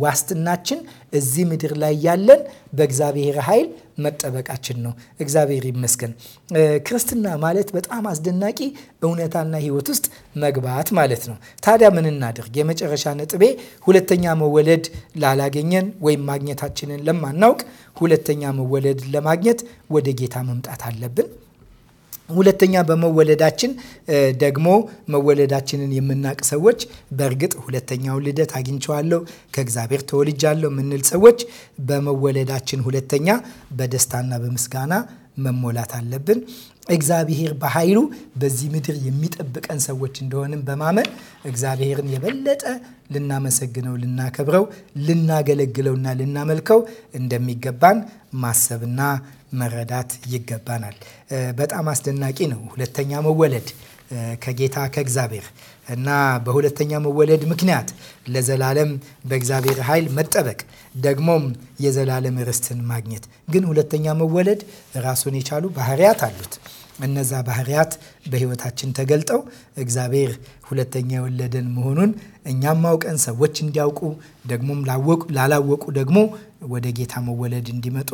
ዋስትናችን እዚህ ምድር ላይ ያለን በእግዚአብሔር ኃይል መጠበቃችን ነው። እግዚአብሔር ይመስገን። ክርስትና ማለት በጣም አስደናቂ እውነታና ሕይወት ውስጥ መግባት ማለት ነው። ታዲያ ምን እናድርግ? የመጨረሻ ነጥቤ ሁለተኛ መወለድ ላላገኘን ወይም ማግኘታችንን ለማናውቅ ሁለተኛ መወለድ ለማግኘት ወደ ጌታ መምጣት አለብን። ሁለተኛ በመወለዳችን ደግሞ መወለዳችንን የምናውቅ ሰዎች በእርግጥ ሁለተኛውን ልደት አግኝቸዋለሁ ከእግዚአብሔር ተወልጃለሁ የምንል ሰዎች በመወለዳችን ሁለተኛ በደስታና በምስጋና መሞላት አለብን። እግዚአብሔር በኃይሉ በዚህ ምድር የሚጠብቀን ሰዎች እንደሆንም በማመን እግዚአብሔርን የበለጠ ልናመሰግነው፣ ልናከብረው፣ ልናገለግለውና ልናመልከው እንደሚገባን ማሰብና መረዳት ይገባናል። በጣም አስደናቂ ነው ሁለተኛ መወለድ ከጌታ ከእግዚአብሔር እና በሁለተኛ መወለድ ምክንያት ለዘላለም በእግዚአብሔር ኃይል መጠበቅ ደግሞም የዘላለም ርስትን ማግኘት። ግን ሁለተኛ መወለድ ራሱን የቻሉ ባህሪያት አሉት። እነዛ ባህሪያት በህይወታችን ተገልጠው እግዚአብሔር ሁለተኛ የወለደን መሆኑን እኛም ማውቀን ሰዎች እንዲያውቁ ደግሞም ላላወቁ ደግሞ ወደ ጌታ መወለድ እንዲመጡ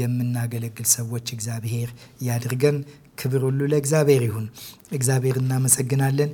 የምናገለግል ሰዎች እግዚአብሔር ያድርገን። ክብር ሁሉ ለእግዚአብሔር ይሁን። እግዚአብሔር እናመሰግናለን።